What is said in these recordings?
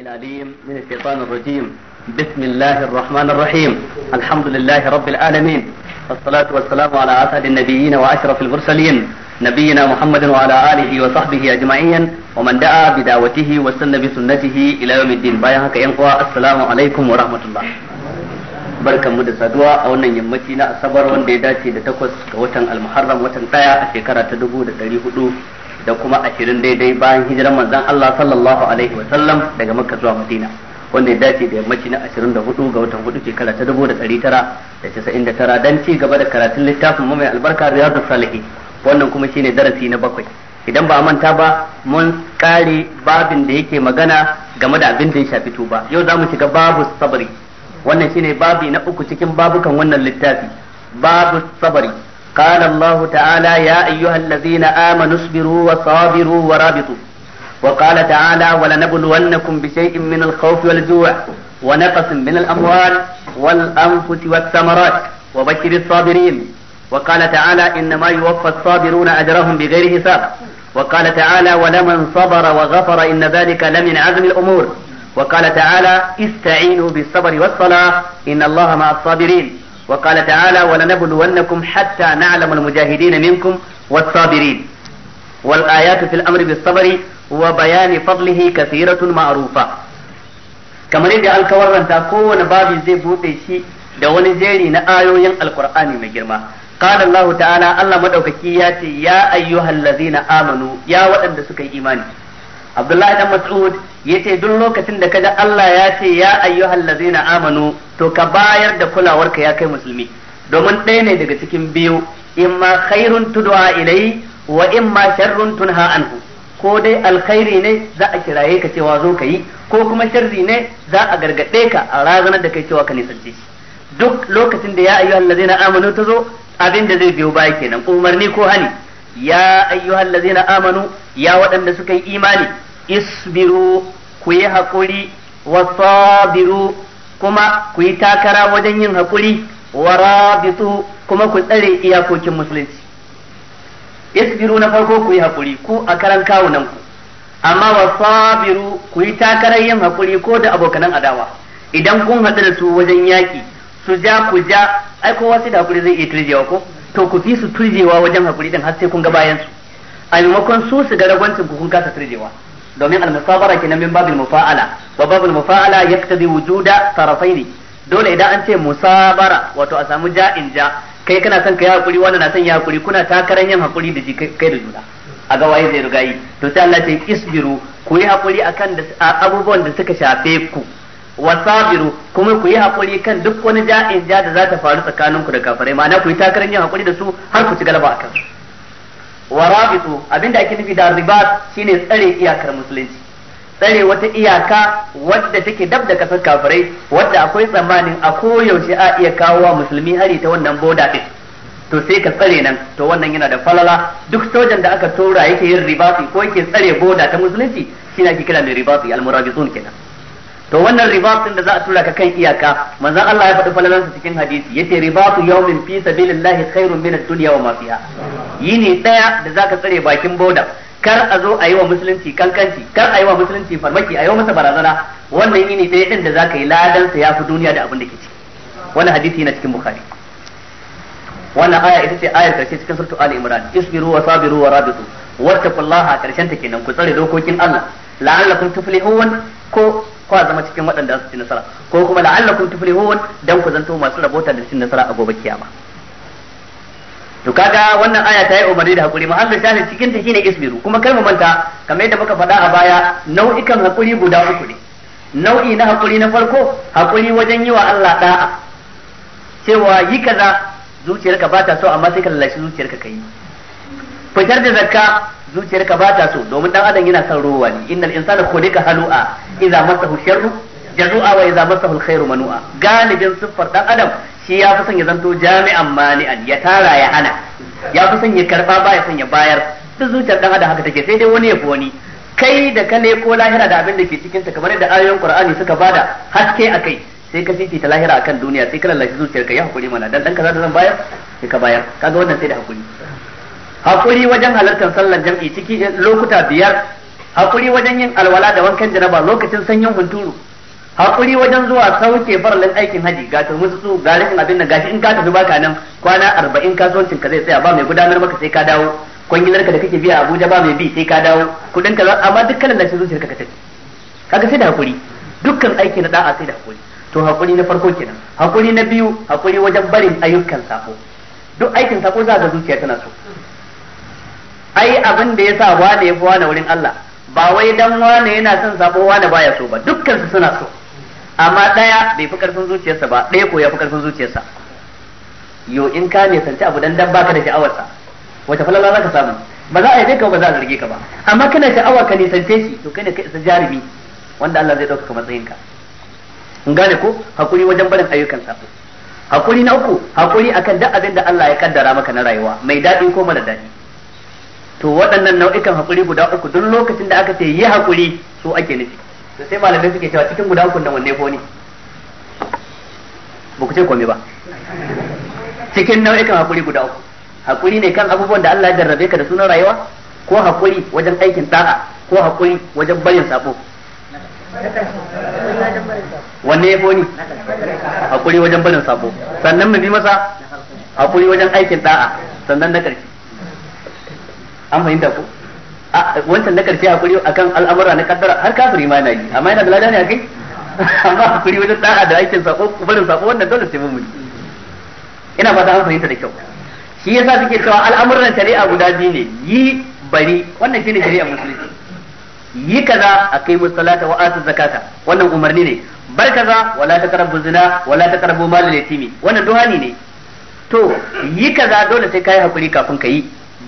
العليم من الشيطان الرجيم بسم الله الرحمن الرحيم الحمد لله رب العالمين والصلاة والسلام على أسعد النبيين وأشرف المرسلين نبينا محمد وعلى آله وصحبه أجمعين ومن دعا بدعوته وسن بسنته إلى يوم الدين بايعك ينقوى السلام عليكم ورحمة الله barkan mu da saduwa a wannan yammaci na asabar wanda ya dace da takwas ga watan almuharram watan daya a shekara ta dubu da dari hudu da kuma ashirin daidai bayan hijiran manzon Allah sallallahu alaihi wa daga Makka zuwa Madina wanda ya dace da yammaci na ashirin da hudu ga watan hudu shekara ta tara dan ci gaba da karatun littafin mu mai albarka da salihi wannan kuma shine darasi na bakwai idan ba a manta ba mun kare babin da yake magana game da abin da ya shafi tuba yau za mu shiga babu sabari wannan shine babi na uku cikin babukan wannan littafi babu sabari قال الله تعالى يا أيها الذين آمنوا اصبروا وصابروا ورابطوا وقال تعالى ولنبلونكم بشيء من الخوف والجوع ونقص من الأموال والأنفس والثمرات وبشر الصابرين وقال تعالى إنما يوفى الصابرون أجرهم بغير حساب وقال تعالى ولمن صبر وغفر إن ذلك لمن عزم الأمور وقال تعالى استعينوا بالصبر والصلاة إن الله مع الصابرين وقال تعالى ولنبلونكم حتى نعلم المجاهدين منكم والصابرين والآيات في الأمر بالصبر وبيان فضله كثيرة معروفة kamar yadda an kawarranta kowane babi zai buɗe shi da wani jeri na ayoyin alkur'ani mai girma qala allah ta'ala allah maɗaukaki ya ce ya na amanu ya waɗanda suka yi imani Abdullahi dan Mas'ud ya ce duk lokacin da kaga Allah ya ce ya ayyuhal ladzina amanu to ka bayar da kulawarka ya kai musulmi domin ɗaya ne daga cikin biyu imma khairun tudwa ilai wa imma sharrun tunha anhu ko dai alkhairi ne za a kiraye ka cewa zo ka yi ko kuma sharri ne za a gargaɗe ka a razanar da kai cewa ka nisance shi duk lokacin da ya ayyuhal ladzina amanu ta zo abin da zai biyo baya kenan umarni ko hani ya ayyuhal ladzina amanu ya waɗanda suka yi imani isbiru ku yi haƙuri wa sabiru kuma ku yi takara wajen yin haƙuri wa rabitu kuma ku tsare iyakokin musulunci isbiru na farko ku yi haƙuri ku a karan kawunan ku amma wa sabiru ku yi takarar yin haƙuri ko da abokanan adawa idan kun haɗu da su wajen yaƙi su ja ku ja ai kowa sai da haƙuri zai iya turjewa ko to ku fi su turjewa wajen haƙuri din har sai kun ga bayan su a maimakon su su ga ragwancin ku kun kasa turjewa domin al-musabara kenan min babul mufa'ala wa babul mufa'ala yaqtadi wujuda tarafaini dole idan an ce musabara wato a samu ja'in ja kai kana son kai hakuri wannan na son ya hakuri kuna takaran yin hakuri da kai da juna a ga waye zai riga yi to sai Allah ce isbiru ku yi hakuri akan abubuwan da suka shafe ku wasabiru kuma ku yi hakuri kan duk wani ja'in ja da za ta faru tsakaninku da kafirai ma'ana ku yi takarar yin hakuri da su har ku ci galaba akan su wa rabitu abinda ake nufi da ribat shine tsare iyakar musulunci tsare wata iyaka wadda take dab da kasar kafirai wadda akwai tsammanin a koyaushe a iya kawo wa musulmi hari ta wannan boda din to sai ka tsare nan to wannan yana da falala duk sojan da aka tura yake yin ribati ko yake tsare boda ta musulunci shine ake kira mai ribati al-murabitun kenan to wannan ribat din da za a tura ka kan iyaka manzon Allah ya faɗi falalansa cikin hadisi yace ribatu yawmin fi sabilillahi khairun min ad-dunya wa ma fiha yini daya da zaka tsare bakin boda kar a zo a yi wa musulunci kankanci kar a yi wa musulunci farmaki a yi masa barazana wannan yini daya din da zaka yi ladan sa yafi duniya da abin da ke ciki wannan hadisi yana cikin bukhari wannan aya ita ce ayar karshe cikin suratul ali imran isbiru wa sabiru wa rabitu wattaqullaha karshen ta kenan ku tsare dokokin Allah la'allakum tuflihun ko ko a zama cikin waɗanda su ci nasara ko kuma la'allakum tuflihun dan ku zanto masu rabota da cin nasara a gobe kiyama to kaga wannan aya ta yi umarni da hakuri mu Allah shahin cikin ta shine isbiru kuma kar mu manta kamar yadda muka faɗa a baya nau'ikan hakuri guda uku ne nau'i na hakuri na farko hakuri wajen yi wa Allah da'a cewa yi kaza zuciyarka ba ta so amma sai ka lalace zuciyarka kai fitar da zakka zuciyarka ba ta so domin dan adam yana son ruwa ne innal insana khuliqa halu'a idza masahu sharru jazu'a wa idza masahu alkhairu manu'a galibin siffar dan adam shi ya fi son ya zanto jami'an mani'an ya tara ya hana ya fi son ya karba ba ya son ya bayar duk zuciyar dan adam haka take sai dai wani ya fi wani kai da ka ko lahira da abin da ke cikin ta kamar yadda ayoyin qur'ani suka bada haske akai sai ka ta lahira akan duniya sai ka lallashi zuciyarka ya hakuri mana dan dan kaza ta zan bayar sai ka bayar kaga wannan sai da hakuri hakuri wajen halartar sallar jam'i ciki eh, lokuta biyar hakuri wajen yin alwala da wankan jaraba lokacin sanyin hunturu hakuri wajen zuwa sauke faralin aikin haji ga turmutsu ga rashin abin da gashi in ka tafi baka nan kwana arba'in kasuwancin ka zai tsaya ba mai gudanar maka sai ka dawo kwangilar ka da kake biya Abuja ba mai bi sai ka dawo kudin ka amma dukkan shi zuciyar ka tafi kaga sai da hakuri dukkan aiki na da'a sai da hakuri to hakuri na farko kenan hakuri na biyu hakuri wajen barin ayyukan sako duk aikin sako za ga zuciya tana so ai abin da ya sa wane fi wane wurin Allah ba wai dan wane yana son sabo wane baya so ba dukkan su suna so amma daya bai fi karfin zuciyarsa ba daya ko ya fi karfin zuciyarsa yo in ka ne abu dan dan baka da sa wata falala zaka samu ba za a yi ka ba za a zarge ka ba amma kana sha'awar ka ne sante shi to kai ne kai isa jarumi wanda Allah zai dauka matsayinka in gane ko hakuri wajen barin ayyukan sa hakuri na uku hakuri akan duk abin da Allah ya kaddara maka na rayuwa mai daɗi ko mara daɗi to waɗannan nau'ikan haƙuri guda uku duk lokacin da aka ce yi haƙuri su ake nufi to sai malamai suke cewa cikin guda uku nan wanne ko ne ba ku ce komai ba cikin nau'ikan haƙuri guda uku haƙuri ne kan abubuwan da Allah ya jarrabe ka da sunan rayuwa ko haƙuri wajen aikin ta'a ko haƙuri wajen barin sabo wanne ya ni haƙuri wajen barin sabo sannan mu bi masa haƙuri wajen aikin da'a sannan na ƙarshe an fahimta ko a wancan na karshe kuri akan al'amura na kaddara har kafir imani na amma yana da lada ne akai amma kuri wajen da'a da aikin sako barin sako wannan dole sai mun ina fata an fahimta da kyau shi yasa suke cewa al'amuran shari'a guda biyu ne yi bari wannan shine shari'a musulunci yi kaza a kai musallata wa atu zakata wannan umarni ne bar kaza wala taqrabu zina wala taqrabu mal yatimi wannan duhani ne to yi kaza dole sai kai hakuri kafin ka yi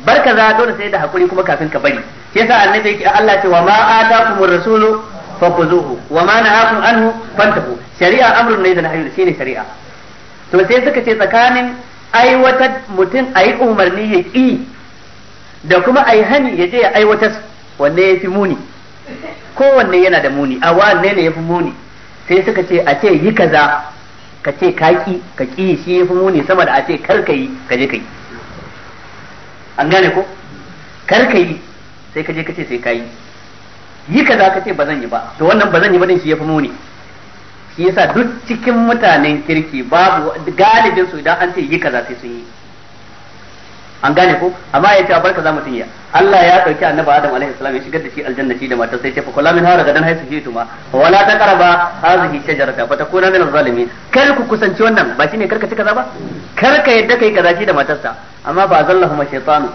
bar za dole sai da hakuri kuma kafin ka bari shi yasa annabi yake Allah ce wa ma atakumur rasulu fakuzuhu wa ma nahakum anhu fantahu shari'a amrun ne da nahyi shine shari'a to sai suka ce tsakanin aiwatar mutum ayi umarni ya ki da kuma ayi hani ya je ya aiwatar wanne ya fi muni kowanne yana da muni a wanne ne ya fi muni sai suka ce a ce yi kaza ka ce ka ki ka ki shi ya fi muni sama da a ce kar ka yi ka je ka yi an gane ko kar ka yi sai ka je ka ce sai ka yi yi kaza ka ce ba zan yi ba to wannan ba zan yi ba din shi yafi muni shi yasa duk cikin mutanen kirki babu galibin su idan an ce yi kaza sai sun yi an gane ko amma ya ce a barka za mu ya Allah ya dauki annabi Adam alaihi salam ya shigar da shi aljanna shi da matar sai ce fa kula min hara gadan haisu shi tuma wa la taqraba hadhihi shajarata fa takuna min zalimin kar ku kusanci wannan ba shine karka ci kaza ba kar ka yadda kai kaza shi da matarsa amma ba zallahuma shaytanu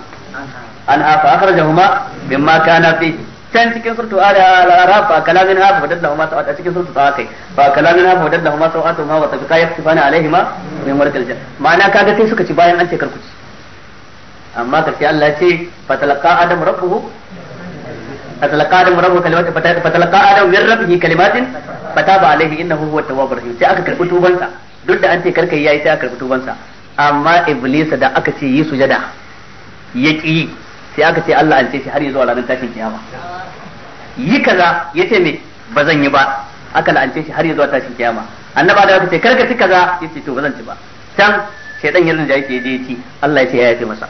anha fa akhrajahuma mimma kana fi can cikin surtu al-araf fa kalamin ha fa dadallahuma sawat a cikin surtu tawakai fa kalamin ha fa dadallahuma sawatuhuma wa tafiqa yaktifana alaihima min warqil janna ma'ana kaga sai suka ci bayan an ce karkuci amma karshe Allah ya ce fatalaqa adam rabbuhu فتلقى آدم ربه كلمات فتلقى آدم من ربه كلمات فتاب عليه إنه هو التواب الرحيم sai aka karbi tubansa duk da an ce karka yayi sai aka karbi tubansa amma iblis da aka ce yi sujada ya yi sai aka ce Allah an ce shi har zuwa ranar tashin kiyama yi kaza yace me ba zan yi ba aka la'ance shi har zuwa tashin kiyama annaba da aka ce karka ci kaza yace to ba zan ci ba can shaydan ya rinja yake je ci Allah ya ce ya yafe masa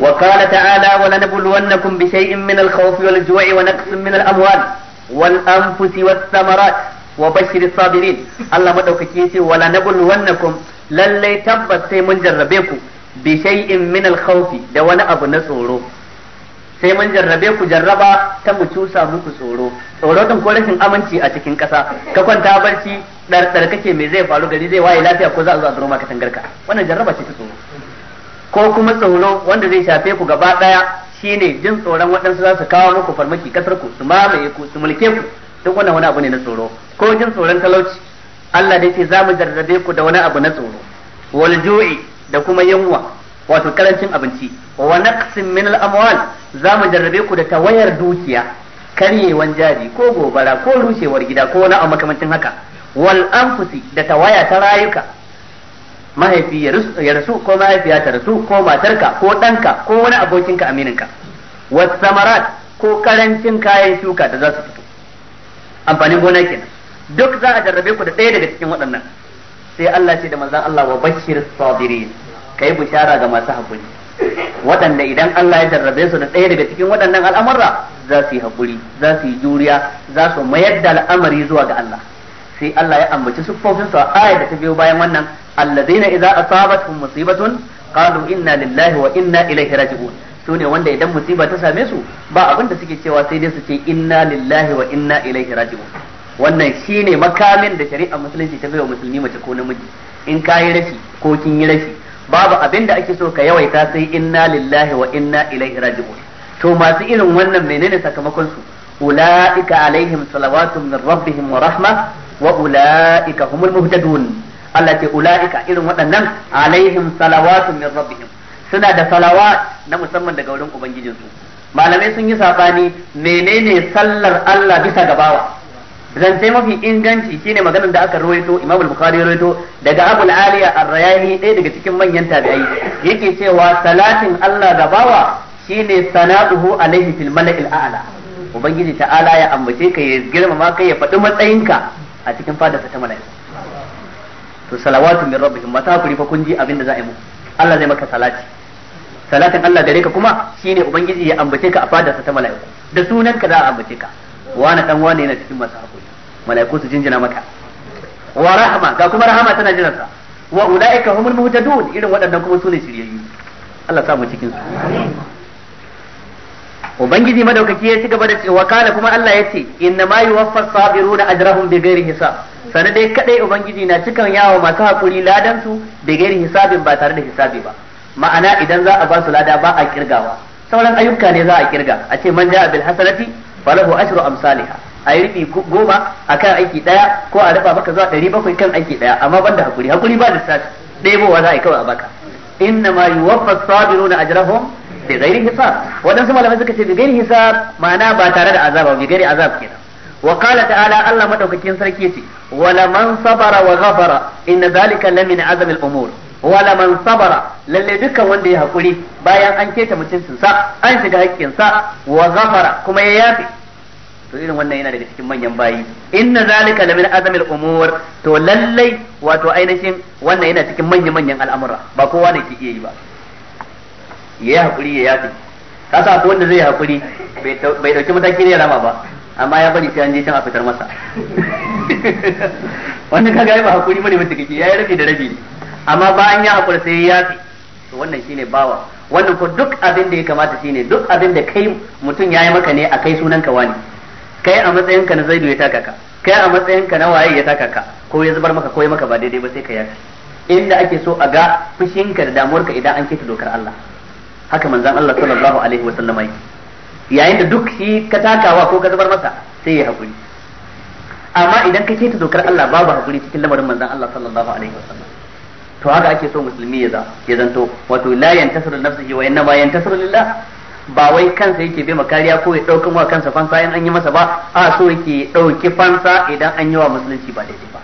وقال تعالى ولنبلونكم بشيء من الخوف والجوع ونقص من الأموال والأنفس والثمرات wa bashir sabirin Allah madaukaki yace wala nabul wannakum lalle tabbas sai mun jarrabe ku bi shay'in min al da wani abu na tsoro sai mun jarrabe ku jarraba ta mu cusa muku tsoro tsoro din ko rashin aminci a cikin kasa ka kwanta barci dar dar kake me zai faru gari zai waye lafiya ko za a zo a duro maka tangarka wannan jarraba ce ta tsoro ko kuma tsoro wanda zai shafe ku gaba daya shine jin tsoron waɗansu za su kawo muku farmaki kasar ku su mamaye ku su mulke ku duk wannan wani abu ne na tsoro ko jin tsoron talauci Allah da ce za mu jarrabe ku da wani abu na tsoro wal ju'i da kuma yunwa wato karancin abinci wa naqsin min al amwal za mu jarrabe ku da tawayar dukiya karyewan jari ko gobara ko rushewar gida ko wani abu makamancin haka wal anfusi da tawaya ta rayuka mahaifi ya rasu ko mahaifiya ta rasu ko matarka ko danka ko wani abokinka amininka Wasu samarat ko karancin kayan shuka da za su amfanin gona kenan duk za a jarrabe ku da ɗaya daga cikin waɗannan sai Allah ce da manzon Allah wa bashir sabirin kai bishara ga masu hakuri waɗanda idan Allah ya jarrabe su da ɗaya daga cikin waɗannan al'amura za su yi hakuri za su yi juriya za su mayar da al'amari zuwa ga Allah sai Allah ya ambaci siffofin su a ayar da ta biyo bayan wannan allazina idza asabatuhum musibatun qalu inna lillahi wa inna ilaihi raji'un su ne wanda idan musiba ta same su ba abin da suke cewa sai dai su ce inna lillahi wa inna ilaihi raji'un wannan shine makamin da shari'a musulunci ta bai wa musulmi mace ko namiji in ka yi rashi ko kin yi rashi babu abin da ake so ka yawaita sai inna lillahi wa inna ilaihi raji'un to masu irin wannan menene sakamakon su ulaika alaihim salawatu min rabbihim wa rahma wa ulaika humul muhtadun Allah ce ulaika irin waɗannan alaihim salawatu min rabbihim suna da salawa na musamman daga wurin ubangijinsu malamai sun yi sabani menene sallar Allah bisa gabawa zance mafi inganci shine maganar da aka rawaito Imam Bukhari rawaito daga Abu Aliya Ar-Rayani ɗaya daga cikin manyan tabi'ai yake cewa salatin Allah gabawa shine sana'uhu alaihi fil mala'il a'la ubangiji ta'ala ya ambace ka ya girmama kai ya faɗi matsayinka a cikin fadarsa ta mala'ika to salawatun min rabbihim mata hakuri fa kun ji abin za a yi muku Allah zai maka salati salatin Allah gare ka kuma shine ubangiji ya ambace ka a fadarsa ta mala'iku da sunan ka za a ambace ka wani dan wani yana cikin masu hakuri mala'iku su jinjina maka wa rahama ga kuma rahama tana jiran wa ulaika humul muhtadun irin waɗannan kuma sune shiryayyu Allah sa mu cikin su ubangiji madaukaki ya ci gaba da cewa kana kuma Allah ya ce inna ma yuwaffa sabiruna ajrahum bighairi hisab sanan dai kadai ubangiji na cikan yawo masu hakuri ladan su bighairi hisabin ba tare da hisabi ba ma'ana idan za a ba su lada ba a kirgawa sauran ayyuka ne za a kirga a ce man ja'a bil hasanati falahu ashru amsalha a yi riɓi goma a kan aiki ɗaya ko a raba maka zuwa ɗari bakwai kan aiki ɗaya amma ban da hakuri hakuri ba da sati ɗebowa za a yi kawai a baka inna ma yuwaffa sabiruna ajrahum bi ghairi hisab wadansu malamai suka ce bi ghairi hisab ma'ana ba tare da azaba bi ghairi azab kenan wa qala ta'ala Allah madaukakin sarki ce wala man sabara wa ghafara inna zalika lamina azamil umur wala man sabara lalle dukkan wanda ya hakuri bayan an keta mutuncin sa an shiga haƙƙin sa wa ghafara kuma ya yafi to irin wannan yana daga cikin manyan bayi inna zalika la min azamil umur to lalle wato ainihin wannan yana cikin manyan manyan al'amura ba kowa ne ke iya yi ba ya yi hakuri ya yafi kasa ko wanda zai hakuri bai dauki mataki ne rama ba amma ya bari sai an je can a fitar masa wannan kaga ai ba hakuri bane mutum kike yayi rabi da rabi ne amma bayan ya hakura sai ya yafi to wannan shine bawa wannan ko duk abin da ya kamata shine duk abin da kai mutum yayi maka ne a kai sunan ka wani kai a matsayin ka na zaidu ya taka ka kai a matsayin ka na waye ya taka ka ko ya zubar maka ko ya maka ba daidai ba sai ka yafi inda ake so a ga fushinka da damuwarka idan an keta dokar Allah haka manzon Allah sallallahu alaihi wa sallama yake yayin da duk shi ka takawa ko ka zubar masa sai ya hakuri amma idan ka keta dokar Allah babu hakuri cikin lamarin manzon Allah sallallahu alaihi wa sallam to haka ake so musulmi ya ya zanto wato la yantasiru nafsihi wa innama yantasiru lillah ba wai kansa yake bai makariya ko ya ɗaukan wa kansa fansa in an yi masa ba a so yake ɗauki fansa idan an yi wa musulunci ba daidai ba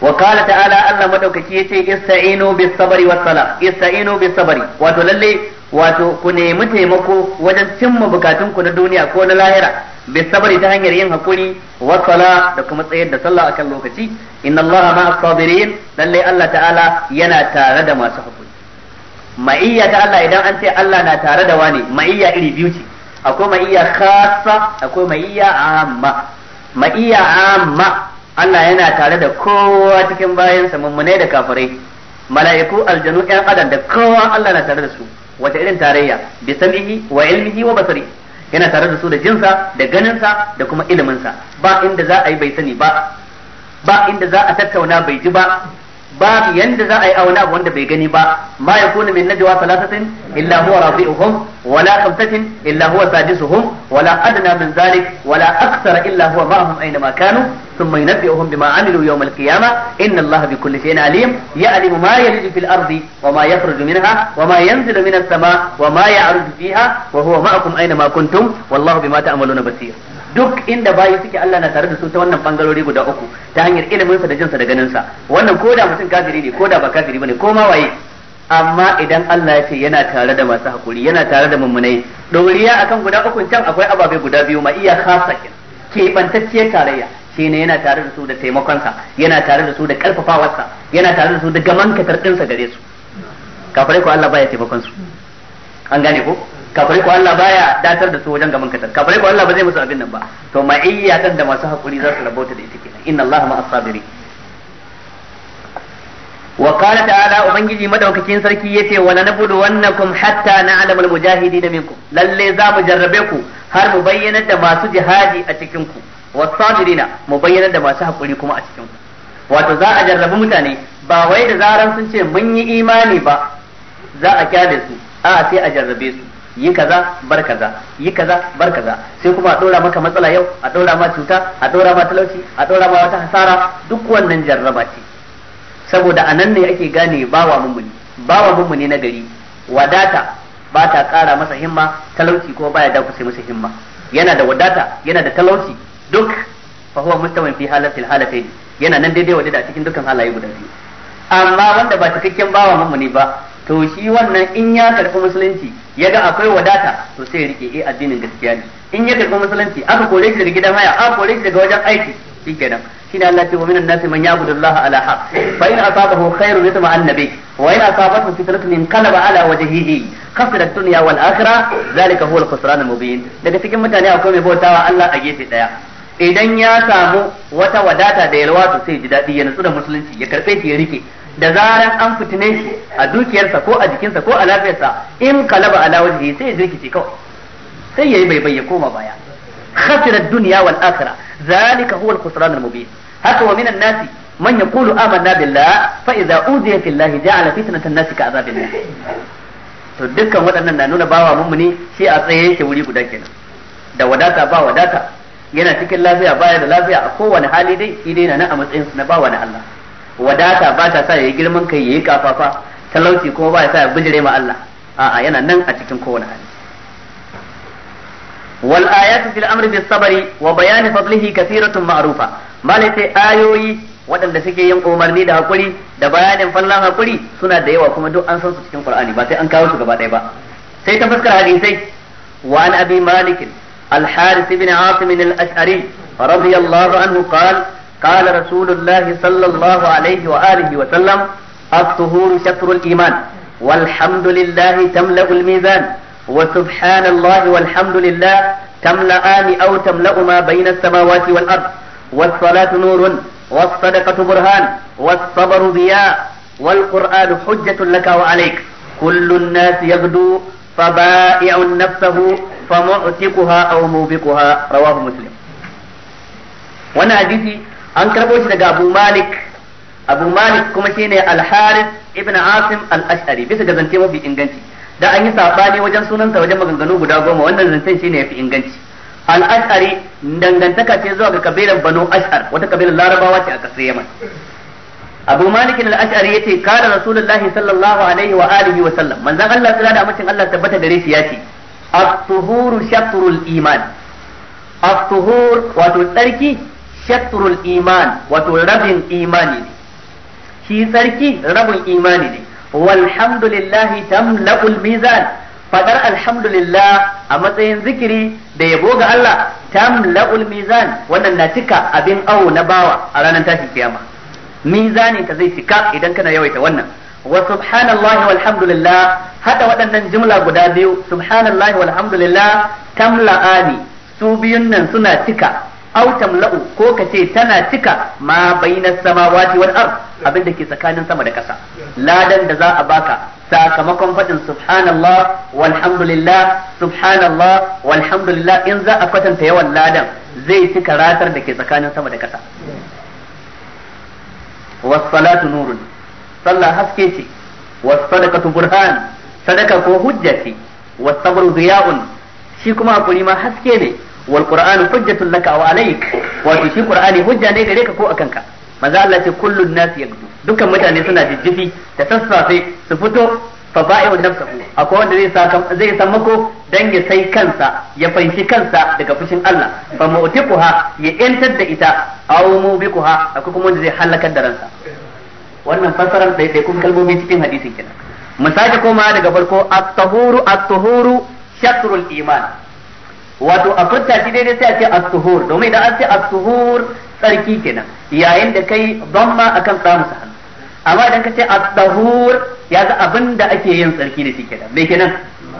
wa ta'ala Allah madaukaki yace ista'inu bis sabri was sala ista'inu bis sabri wato lalle wato ku nemi taimako wajen cimma bukatun ku na duniya ko na lahira bi sabari ta hanyar yin hakuri wa sala da kuma tsayar da sallah akan lokaci inna allaha ma'as sabirin lalle Allah ta'ala yana tare da masu hakuri ma'iyya ta Allah idan an ce Allah na tare da wani ma'iyya iri biyu ce akwai ma'iyya khassa akwai ma'iyya amma ma'iyya amma Allah yana tare da kowa cikin bayansa mummunai da kafirai mala'iku aljanu ƴan adam da kowa Allah na tare da su wata irin tarayya bi sam'ihi wa ilmihi wa basari yana tare da su da jinsa da ganinsa da kuma iliminsa ba inda za a yi bai sani ba ba inda za a tattauna bai ji ba ba yanda za a yi auna abu wanda bai gani ba ma kuna min najwa thalathatin illa huwa rabi'uhum wala khamsatin illa huwa sadisuhum wala adna min zalik wala akthar illa huwa ma'ahum aynama kanu thumma yunabbi'uhum bima 'amilu yawm al qiyama inna allaha kulli shay'in 'alim ya'lamu ma yaliju fil ardi wa ma yakhruju minha wa ma yanzilu minas sama wa ma ya'rudu fiha wa huwa ma'akum aynama kuntum wallahu bima ta'maluna basir duk inda bayi suke Allah na tare da su ta wannan bangarori guda uku ta hanyar ilimin sa da jinsa da ganin sa wannan ko da mutum kafiri ne ko da ba kafiri bane ko ma waye amma idan Allah ya ce yana tare da masu hakuri yana tare da mummunai doriya akan guda uku can akwai ababe guda biyu ma iya khasakin bantacciyar tarayya shi ne yana tare da su da taimakonsa yana tare da su da karfafawarsa yana tare da su da gaman katar gare su kafirai ko Allah baya taimakon su an gane ko kafare ko Allah baya datar da su wajen gaban katar kafare ko Allah ba zai musu abin nan ba to ma iya da masu hakuri za su rabauta da ita kenan inna Allah ma as wa qala ta'ala ubangiji madaukakin sarki yace wa nabudu wannakum hatta na'lamul mujahidin minkum lalle za mu jarrabe ku har mu bayyana da masu jihadi a cikin ku was-sabirina mu bayyana da masu hakuri kuma a cikin ku wato za a jarrabi mutane ba wai da zaran sun ce mun yi imani ba za a kyale su a sai a jarrabe su yi kaza bar kaza yi kaza bar kaza sai kuma a dora maka matsala yau a dora ma cuta a dora ma talauci a dora ma wata hasara duk wannan jarraba ce saboda a nan ne ake gane bawa mummuni bawa mummuni na gari wadata ba ta kara masa himma talauci ko baya da kusa masa himma yana da wadata yana da talauci duk fa huwa mustawin fi halatil halatayn yana nan daidai wadai da cikin dukkan halaye guda biyu amma wanda ba cikakken bawa mummuni ba to shi wannan in ya karɓi musulunci ya ga akwai wadata to sai ya rike eh addinin gaskiya ne in ya karɓi musulunci aka kore shi daga gidan haya aka kore shi daga wajen aiki shikenan shine Allah ce wa minan nasi man ya'budu Allah ala haq fa in asabahu khairun yatma annabi wa in asabathu fitnatun inqalaba ala wajhihi khasirat dunya wal akhirah zalika huwa al-khusran mubin daga cikin mutane akwai mai bautawa Allah a gefe daya idan ya samu wata wadata da yalwa to sai ji dadi ya nutsu da musulunci ya karbe shi ya rike da zaran an fitine shi a dukiyarsa ko a jikinsa ko a lafiyarsa in kalaba ala wajhi sai ya jirkice kawai sai yayi bai bai ya koma baya khasirat dunya wal akhirah zalika huwa al khusran al mubin haka wa minan nasi man yaqulu amanna billah fa idza udiya fillahi ja'ala fitnatan nasi ka azabillah to dukkan waɗannan na nuna bawa mummuni shi a tsaye yake wuri guda kenan da wadata ba wadata yana cikin lafiya baya da lafiya a kowane hali dai shi dai na a matsayin na bawa na Allah wadata ba ta sa yayi girman kai yayi kafafa talauci kuma ba ya sa ya bijire ma Allah a'a yana nan a cikin kowane hali wal ayatu fil amri bis sabri wa bayan fadlihi kathiratun ma'rufa malai ayoyi waɗanda suke yin umarni da hakuri da bayanin fallan hakuri suna da yawa kuma duk an san su cikin Qur'ani ba sai an kawo su gaba ɗaya ba sai ta fuskar hadisai wa an abi malik al harith ibn asim al ash'ari radiyallahu anhu qala قال رسول الله صلى الله عليه وآله وسلم الطهور شطر الإيمان والحمد لله تملأ الميزان وسبحان الله والحمد لله تملأان أو تملأ ما بين السماوات والأرض والصلاة نور والصدقة برهان والصبر ضياء والقرآن حجة لك وعليك كل الناس يغدو فبائع نفسه فمعتقها أو موبقها رواه مسلم وانا حديثي an karbo shi daga Abu Malik Abu Malik kuma shine Al-Harith ibn Asim Al-Ash'ari bisa ga zance mafi inganci da an yi sabani wajen sunansa wajen maganganu guda goma wannan zancen shine yafi inganci Al-Ash'ari dangantaka ce zuwa ga kabilan Banu Ash'ar wata kabilan Larabawa ce a kasar Yaman Abu Malik al-Ash'ari yace kana Rasulullahi sallallahu alaihi wa alihi wa sallam manzon Allah tsira da amincin Allah tabbata gare shi yace at-tuhuru shatrul iman at-tuhur wato tsarki shatrul iman wato rabin imani ne shi tsarki rabin imani ne walhamdulillahi tamla'ul mizan fadar alhamdulillah a matsayin zikiri da yabo ga Allah tamla'ul mizan wannan na cika abin awo na bawa a ranar tashin kiyama mizanin ka zai cika idan kana yawaita wannan wa subhanallahi haɗa waɗannan jumla guda biyu subhanallahi walhamdulillah tamla'ani su biyun nan suna cika aw tamla'u ko ka ce tana cika ma bainas samawati wal ard abin da ke tsakanin sama da ƙasa ladan da za a baka sakamakon faɗin subhanallah walhamdulillah subhanallah walhamdulillah in za a kwatanta yawan ladan zai cika ratar da ke tsakanin sama da ƙasa wassalatu nurun sallah haske ce wassadaqatu burhan sadaka ko hujja ce wasabru ziya'un shi kuma hakuri haske ne wal qur'anu hujjatu laka wa alayk wato shi qur'ani hujja ne gare ka ko akan ka manzo Allah ce kullun nas yakdu dukkan mutane suna jijjifi da sassafe su fito fa ba'i'u nafsahu akwai wanda zai sa zai san mako dan ya sai kansa ya fanshi kansa daga fushin Allah fa mu'tiquha ya yantar da ita aw mubiquha akwai kuma wanda zai halakar da ransa wannan fasaran kun kalmomi cikin hadisi kenan mu sake koma daga farko at-tahuru at-tahuru shatrul iman wato a kunta shi daidai sai a ce as-suhur domin idan an ce as-suhur tsarki kenan yayin da kai bamma akan tsamu sa hannu amma idan ka ce as-suhur ya ga abin da ake yin tsarki da shi kenan me kenan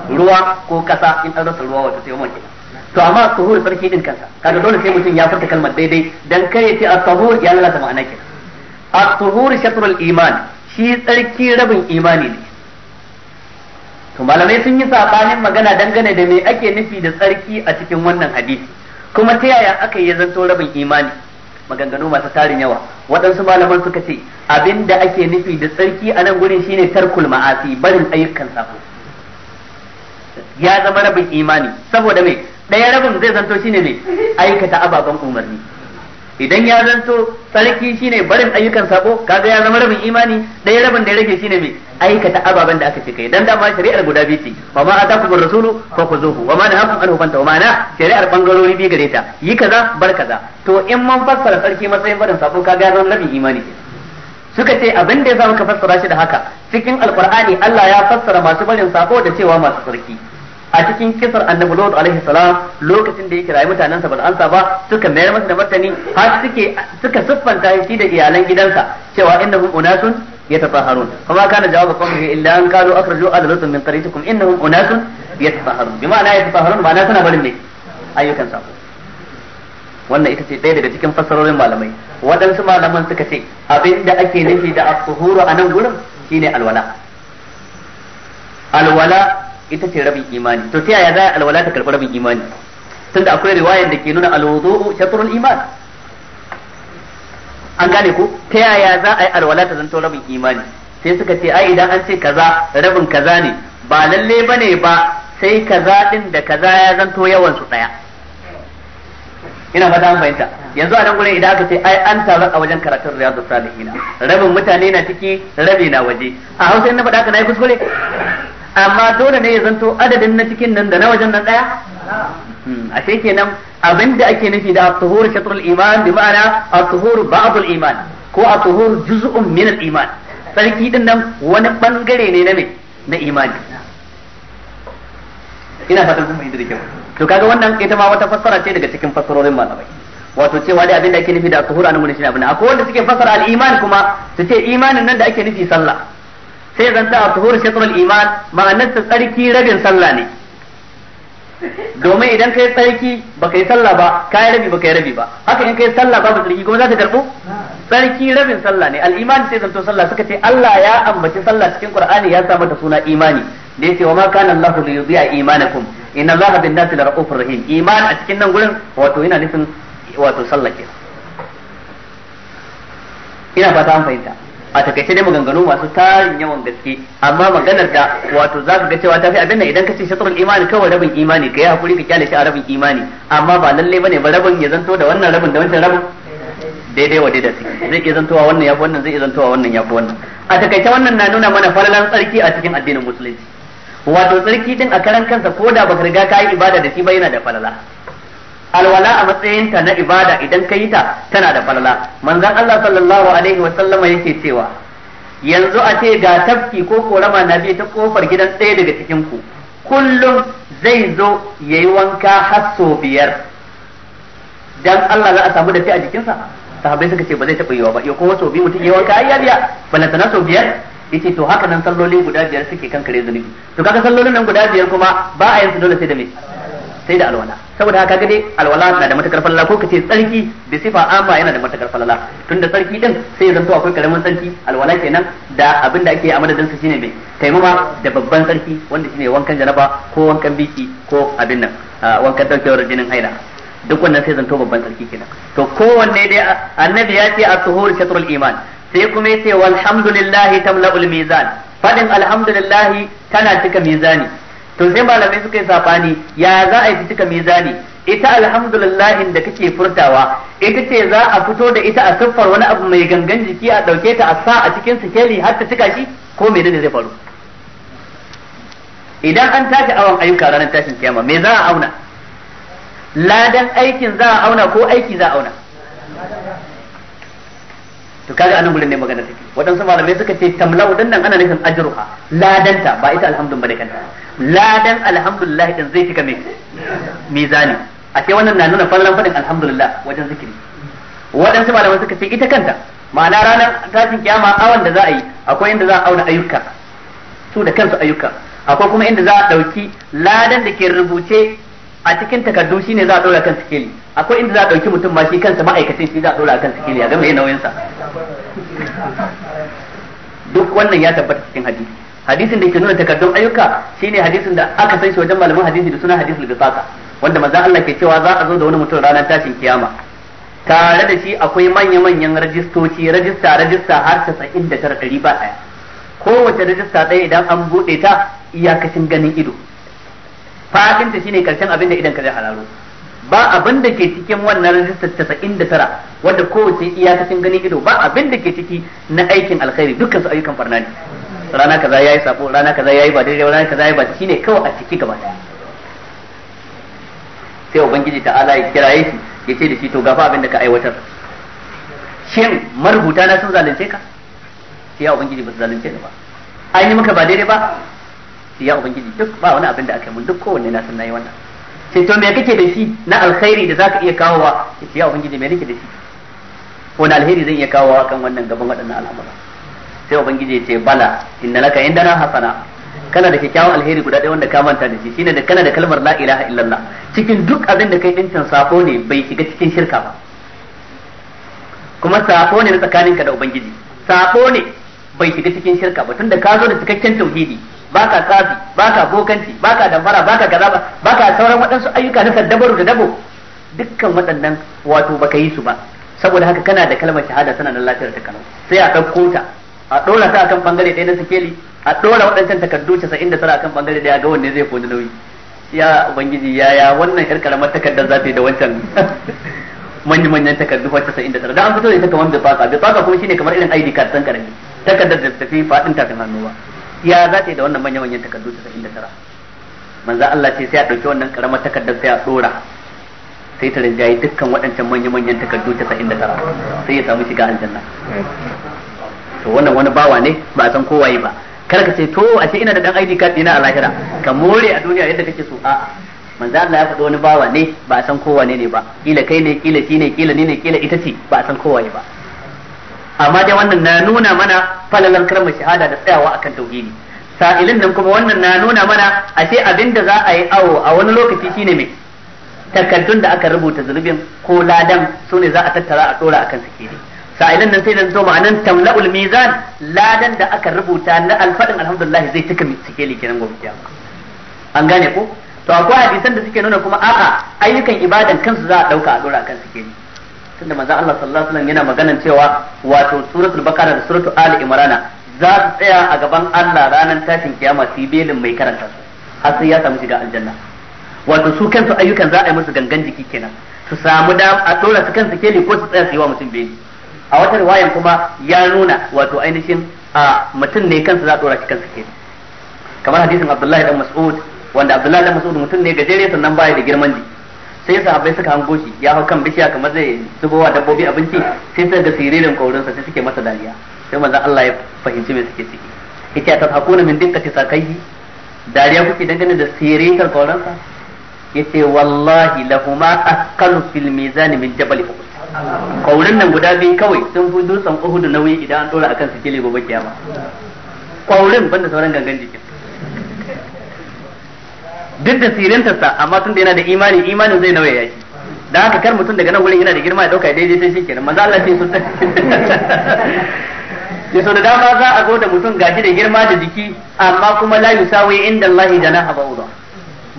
ruwa ko kasa in an rasa ruwa wato sai mun kenan to amma suhur tsarki din kansa kaga dole sai mutum ya furta kalmar daidai dan kar ya ce as-suhur ya lalata ma'ana kenan as-suhur shatrul iman shi tsarki rabin imani ne to malamai sun yi sabanin magana dangane da me ake nufi da tsarki a cikin wannan hadisi kuma ta yaya aka yi zanto rabin imani maganganu masu tarin yawa waɗansu malaman suka ce abinda ake nufi da tsarki a nan gurin shine tarkul ma'asi barin ayyukan sako ya zama rabin imani saboda me ɗaya rabin zai zanto shine ne aikata ababen umarni idan ya zanto sarki shine barin ayyukan sabo kaga ya zama rabin imani ɗaya rabin da ya rage shine mai aikata ababen da aka ce kai dan dama shari'ar guda biyu ce wa ma ataku rasulu fa zuhu wa ma nahakum anhu fanta wa ma'ana shari'ar bangarori biyu gare ta yi kaza bar kaza to in man fassara sarki matsayin barin sabo kaga ya zama rabin imani suka ce abin da ya sa muka fassara shi da haka cikin alqur'ani Allah ya fassara masu barin sabo da cewa masu sarki a cikin kisar annabi Lut alaihi salam lokacin da yake rayu mutanansa ba ansa ba suka mayar masa da martani har suke suka siffanta shi da iyalan gidansa cewa innahum unasun yatafaharun kuma kana jawaba qawmihi illa an qalu akhriju ala lut min qaryatikum innahum unasun yatafaharun bi ma'ana yatafaharun ma'ana suna barin ne ayyukan sa. wannan ita ce ɗaya daga cikin fassarorin malamai waɗansu malaman suka ce abinda ake nufi da a as a nan gurin shine alwala alwala ita ce rabin imani to ta yaya za a alwala ta karɓi rabin imani tunda akwai riwayar da ke nuna alwudu shatrul iman an gane ko ta yaya za a yi alwala ta zanto rabin imani sai suka ce ai idan an ce kaza rabin kaza ne ba lalle bane ba sai kaza din da kaza ya zanto yawan su daya ina fata an fahimta yanzu a nan gurin idan aka ce ai an taru a wajen karatun riyadu salihina rabin mutane na ciki rabi na waje a hausa na faɗa haka na yi kuskure amma dole ne ya zanto adadin na cikin nan da na wajen nan daya hmm, ashe kenan abin da ake nufi da at-tuhur shatrul iman bi ma'ana at-tuhur ba'dul iman ko at-tuhur juz'un min al-iman sarki din nan wani bangare ne na me na imani ina fatan kun fahimta da kyau to kaga wannan ita ma wata fassara ce daga cikin fassarorin malamai wato cewa dai abin da ake nufi da at-tuhur anan shi ne abin akwai wanda suke fassara al-iman kuma su ce imanin nan da ake nufi sallah sai zanta a tuhur shatrul iman ta tsarki rabin sallah ne domin idan kai tsarki ba kai sallah ba kai rabi ba yi rabi ba haka in kai sallah babu tsarki kuma za ta karbo tsarki rabin sallah ne al-iman sai zanto sallah suka ce Allah ya ambaci sallah cikin Qur'ani ya sa mata suna imani da yace wa ma kana Allah li yudhi'a imanakum inna Allah bin nasi la ra'ufur rahim iman a cikin nan gurin wato yana nufin wato sallah ke ina fata an fahimta a takaice dai maganganu masu tarin yawan gaske amma maganar da wato za ka ga cewa ta fi abin nan idan ka ce shatrul imani kawai rabin imani kai hakuri ka kyale shi a rabin imani amma ba lalle bane ba rabin ya zanto da wannan rabin da wancan rabin daidai wa daidai zai iya zantowa wannan ya fi wannan zai iya zantowa wannan yafi wannan a takaice wannan na nuna mana falalan tsarki a cikin addinin musulunci wato tsarki din a karan kansa ko da baka riga ka yi ibada da shi ba yana da falala alwala a matsayin ta na ibada idan kai ta tana da falala manzon Allah sallallahu alaihi wa sallama yake cewa yanzu a ce ga tafki ko korama na ta kofar gidan ɗaya daga cikin ku kullum zai zo yayi wanka har sau biyar dan Allah za a samu da a jikinsa sahabbai suka ce ba zai taɓa yiwa ba ya kuma sau biyu mutum yayi wanka ai ya biya balanta na sau biyar yace to haka nan salloli guda biyar suke kan kare zunubi to kaga sallolin nan guda biyar kuma ba a yin su dole sai da me sai da alwala saboda haka gade alwala na da matakar falala ko kace tsarki da sifa amma yana da matakar falala tunda tsarki din sai ya zanto akwai karamin tsarki alwala kenan da abin da ake a madadin sa shine mai taimama da babban tsarki wanda shine wankan janaba ko wankan biki ko abin nan wankan daukewar jinin haila duk wannan sai zanto babban tsarki kenan to kowanne dai annabi ya ce at-tuhur shatrul iman sai kuma yace walhamdulillahi tamla'ul mizan fadin alhamdulillahi tana cika mizani to sai malamai suka yi safani ya za a yi cika mizani ita alhamdulillah da kake furtawa ita ce za a fito da ita a siffar wani abu mai gangan jiki a dauke ta a sa a cikin sikeli har ta cika shi ko menene zai faru idan an tashi awon ayyuka ranar tashin kiyama me za a auna ladan aikin za a auna ko aiki za a auna to kaga anan gurin ne magana take waɗansu malamai suka ce tamla waɗannan ana nufin ajruha ladanta ba ita alhamdulillah bane kanta ladan alhamdulillah din zai cika mai mizani a ce wannan na nuna fallan fadin alhamdulillah wajen zikiri waɗansu malaman suka ce ita kanta ma'ana ranar tashin kiyama awan da za a yi akwai inda za a auna ayyuka su da kansu ayyuka akwai kuma inda za a ɗauki ladan da ke rubuce a cikin takardu shine za a ɗora kan sikeli akwai inda za a ɗauki mutum ma shi kansa ma'aikacin shi za a ɗora kan sikeli a ga mai nauyinsa duk wannan ya tabbata cikin hadisi hadisin da yake nuna takardun ayyuka shine hadisin da aka san shi wajen malaman hadisi da suna hadisul bisaka wanda manzon Allah ke cewa za a zo da wani mutum ranar tashin kiyama tare da shi akwai manya-manyan rajistoci rajista rajista har 99 ba daya kowace rajista ɗaya idan an buɗe ta iyakacin ganin ido fadin ta shine karshen abin da idan ka zai halaro ba abin da ke cikin wannan rajistar tasa'in da tara wadda kowace iyakacin ganin ido ba abin da ke ciki na aikin alkhairi dukkan su ayyukan farnani. rana kaza yayi sabo rana kaza yayi ba daidai rana kaza yayi ba shine kawai a ciki gaba daya sai ubangiji ta'ala ya kira shi ya ce da shi to gafa abin da ka aiwatar shin marubuta na sun zalunce ka sai ya ubangiji ba su zalunce ni ba an yi maka ba daidai ba sai ya ubangiji duk ba wani abin da aka yi mun duk kowanne na san nayi wannan sai to me kake da shi na alkhairi da zaka iya kawowa sai ya ubangiji me nake da shi wani alheri zan iya kawowa kan wannan gaban waɗannan al'amuran sai ubangiji ya ce bala inna laka indana hasana kana da kyakkyawan alheri guda ɗaya wanda ka manta da shi shine da kana da kalmar la ilaha illallah cikin duk abin da kai ɗincin sako ne bai shiga cikin shirka ba kuma sako ne na tsakaninka da ubangiji sako ne bai shiga cikin shirka ba tunda ka zo da cikakken tauhidi tsafi kafi ka bokanci ba ka damfara ba ka baka ba ka sauran waɗansu ayyuka na saddabaru da dabo dukkan waɗannan wato ka yi su ba saboda haka kana da kalmar shahada tana nan lafiyar ta kano sai a ɗauko ta a dora ta akan bangare ɗaya na sikeli a dora waɗancan takardu 99 akan bangare ɗaya ga wanne zai koyi nauyi ya ubangiji yaya wannan yar karamar takardar za ta yi da wancan manya-manyan takardu 99 da an fito da ita kamar bifaka bifaka kuma shine kamar irin ID card san karami takardar da tafi fadin tafin hannu ba ya za ta yi da wannan manya-manyan takardu 99 manzo Allah ce sai a dauki wannan karamar takardar sai a dora sai ta rinjaye dukkan waɗancan manya-manyan takardu tara sai ya samu shiga aljanna to wannan wani bawa ne ba a san waye ba kar ka ce to a ce ina da dan ID card ina a lahira ka more a duniya yadda kake so a'a manzo Allah ya faɗi wani bawa ne ba a san kowa ne ba kila kai ne kila shi ne kila ni ne kila ita ce ba a san kowaye ba amma dai wannan na nuna mana falalan karma shahada da tsayawa akan tauhidi sa'ilin nan kuma wannan na nuna mana a ce abinda za a yi awo a wani lokaci shine mai takardun da aka rubuta zurbin ko ladan su ne za a tattara a dora akan ne. sa'ilan nan sai da zo ma'anan tamla'ul mizan ladan da aka rubuta na alfadin alhamdulillah zai tuka sikeli kenan gobe kiyama an gane ko to akwai hadisan da suke nuna kuma a'a ayyukan ibadan kansu za a dauka a dora kan sikeli tunda manzo Allah sallallahu alaihi wasallam yana maganan cewa wato suratul baqara da suratul ali imrana za su tsaya a gaban Allah ranar tashin kiyama su belin mai karanta su har sai ya samu shiga aljanna wato su kansu ayyukan za a yi musu gangan jiki kenan su samu da a dora su kansu sikeli ko su tsaya su yi wa mutum beli a wata riwayan kuma ya nuna wato ainihin a mutum ne kansa za a dora shi kansa ke kamar hadisin Abdullahi dan Mas'ud wanda Abdullahi dan Mas'ud mutum ne gajere sannan baya da girman ji sai abai suka hango shi ya hau kan bishiya kamar zai zubowa dabbobi abinci sai sai ga siririn sa sai suke masa dariya sai manzo Allah ya fahimci me suke ciki yace hakuna min ta sakai dariya kuke dangane da siririn sa yace wallahi lahuma aqallu fil mizan min jabal uhud kwaunan nan guda biyu kawai sun fi dutsen uhudu nauyi idan an dora akan sikili gobe kiyama kwaunan banda sauran gangan jikin duk da sirintarsa amma tun da yana da imani imanin zai nauya yaki da haka kar mutum daga nan wurin yana da girma ya dauka daidai sai shi kenan manzo Allah ce su ya so da dama za a zo da mutum gashi da girma da jiki amma kuma la yusawi inda Allah janaha ba'udha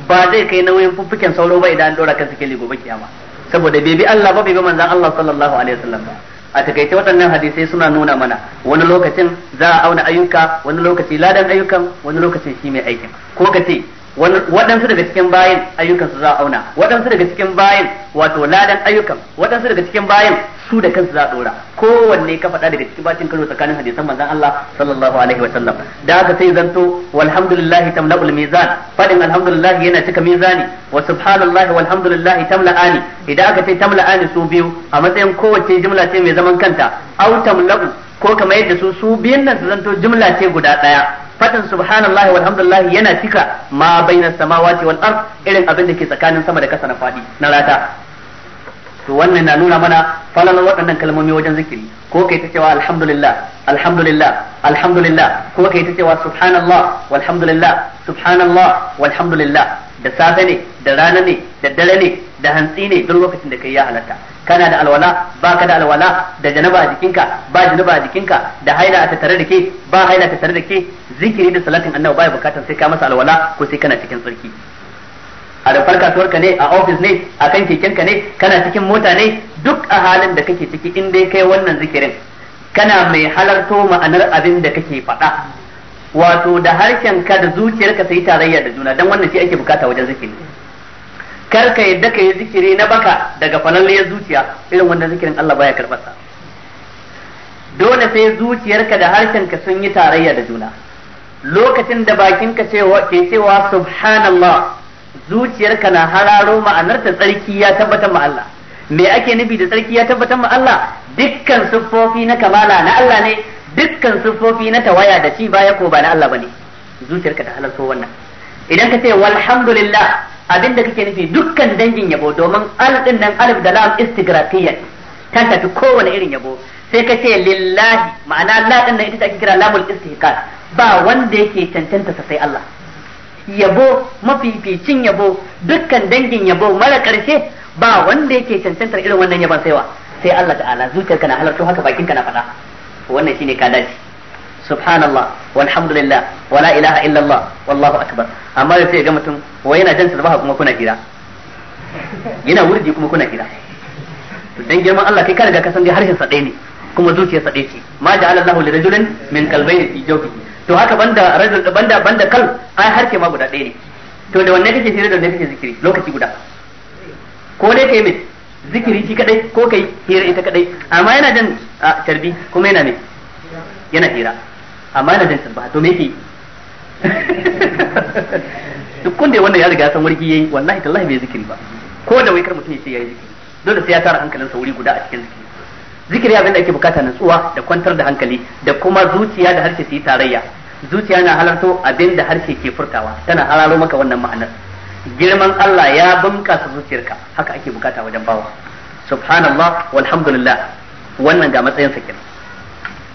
ba zai kai nauyin fuffuken sauro ba idan an dora kan sikili gobe kiyama saboda bai bi Allah ba bai bi manzon Allah sallallahu alaihi wasallam ba a takaice waɗannan hadisai suna nuna mana wani lokacin za a auna ayyuka wani lokaci ladan ayyukan wani lokacin shi mai aikin ko ka ce waɗansu daga cikin bayan ayyukan su za a auna waɗansu daga cikin bayan wato ladan ayyukan waɗansu daga cikin bayan su da kansu za a ɗora kowanne ka faɗa daga cikin bacin karo tsakanin hadisan manzon Allah sallallahu alaihi wasallam da haka sai zanto walhamdulillahi tamla'ul mizan fadin alhamdulillah yana cika mizani wa subhanallahi walhamdulillahi tamla'ani idan aka ce tamla'ani su biyu a matsayin kowace jumla ce mai zaman kanta au tamla'u ko kamar yadda su su biyan nan su zanto jumla ce guda ɗaya fadin subhanallahi walhamdulillah yana cika ma bainas samawati wal ard irin abin da ke tsakanin sama da kasa na fadi na rata to wannan na nuna mana falalar waɗannan kalmomi wajen zikiri ko kai ta cewa alhamdulillah alhamdulillah alhamdulillah ko kai ta cewa subhanallah walhamdulillah subhanallah walhamdulillah da safe ne da rana ne da dare ne da hantsi ne duk lokacin da kai ya halatta kana da alwala ba ka da alwala da janaba a jikinka ba janaba a jikinka da haila a tattare da ke ba haila a tattare da ke zikiri da salatin annabi ba bukatar sai ka masa alwala ko sai kana cikin tsarki a da kasuwar ka ne a ofis ne a kan keken ka ne kana cikin mota ne duk a halin da kake ciki in dai kai wannan zikirin kana mai halarto ma'anar abin da kake faɗa wato da harshen ka da zuciyarka sai tarayya da juna dan wannan shi ake bukata wajen zikiri kar ka yadda ka yi zikiri na baka daga falalliyar zuciya irin wannan zikirin Allah baya karɓar sa dole sai zuciyarka da harshen ka sun yi tarayya da juna lokacin da bakinka cewa ke cewa subhanallah zuciyarka na hararo ma'anar ta tsarki ya tabbatar ma Allah me ake nufi da tsarki ya tabbatar ma Allah dukkan siffofi na kamala na Allah ne dukkan sifofi na tawaya da ci baya ko ba na Allah bane zuciyarka ta halarto wannan idan ka ce walhamdulillah abinda kake nufi dukkan dangin yabo domin alif nan alif da lam istigrafiyya ta tafi kowane irin yabo sai ka ce lillahi ma'ana la din nan ita ta kira lamul istihqaq ba wanda yake cancanta sai Allah yabo mafificin yabo dukkan dangin yabo mara karshe ba wanda yake cancantar irin wannan yaban saiwa sai Allah ta'ala zuciyarka na halarto haka bakinka na faɗa wannan shine ka dace subhanallah walhamdulillah wala ilaha illallah wallahu akbar amma sai ga mutum wai yana jan sarbaha kuma kuna kira yana wurdi kuma kuna kira to dan girman Allah kai ka riga ka san dai harshen sa ne kuma zuciyarsa ɗaya ce ma ja'ala Allahu li rajulin min qalbayni fi jawfihi to haka banda rajul banda banda kal ai harke ma guda ɗaya ne to da wannan kake shirye da wannan kake zikiri lokaci guda ko dai kai mai zikiri shi kadai ko kai hira ita kadai amma yana jin tarbi kuma yana ne yana hira amma yana jin tarba to me yake duk kunde da wanda ya riga san wargi yayi wallahi tallahi bai zikiri ba ko da wai kar mutum ya ce yayi zikiri dole sai ya tara hankalin sa wuri guda a cikin zikiri zikiri abin da ake bukata natsuwa da kwantar da hankali da kuma zuciya da harshe su yi tarayya zuciya na halarto abin da harshe ke furtawa tana hararo maka wannan ma'anar girman Allah ya bunkasa zuciyarka haka ake bukata wajen bawa subhanallah walhamdulillah wannan ga matsayin sakin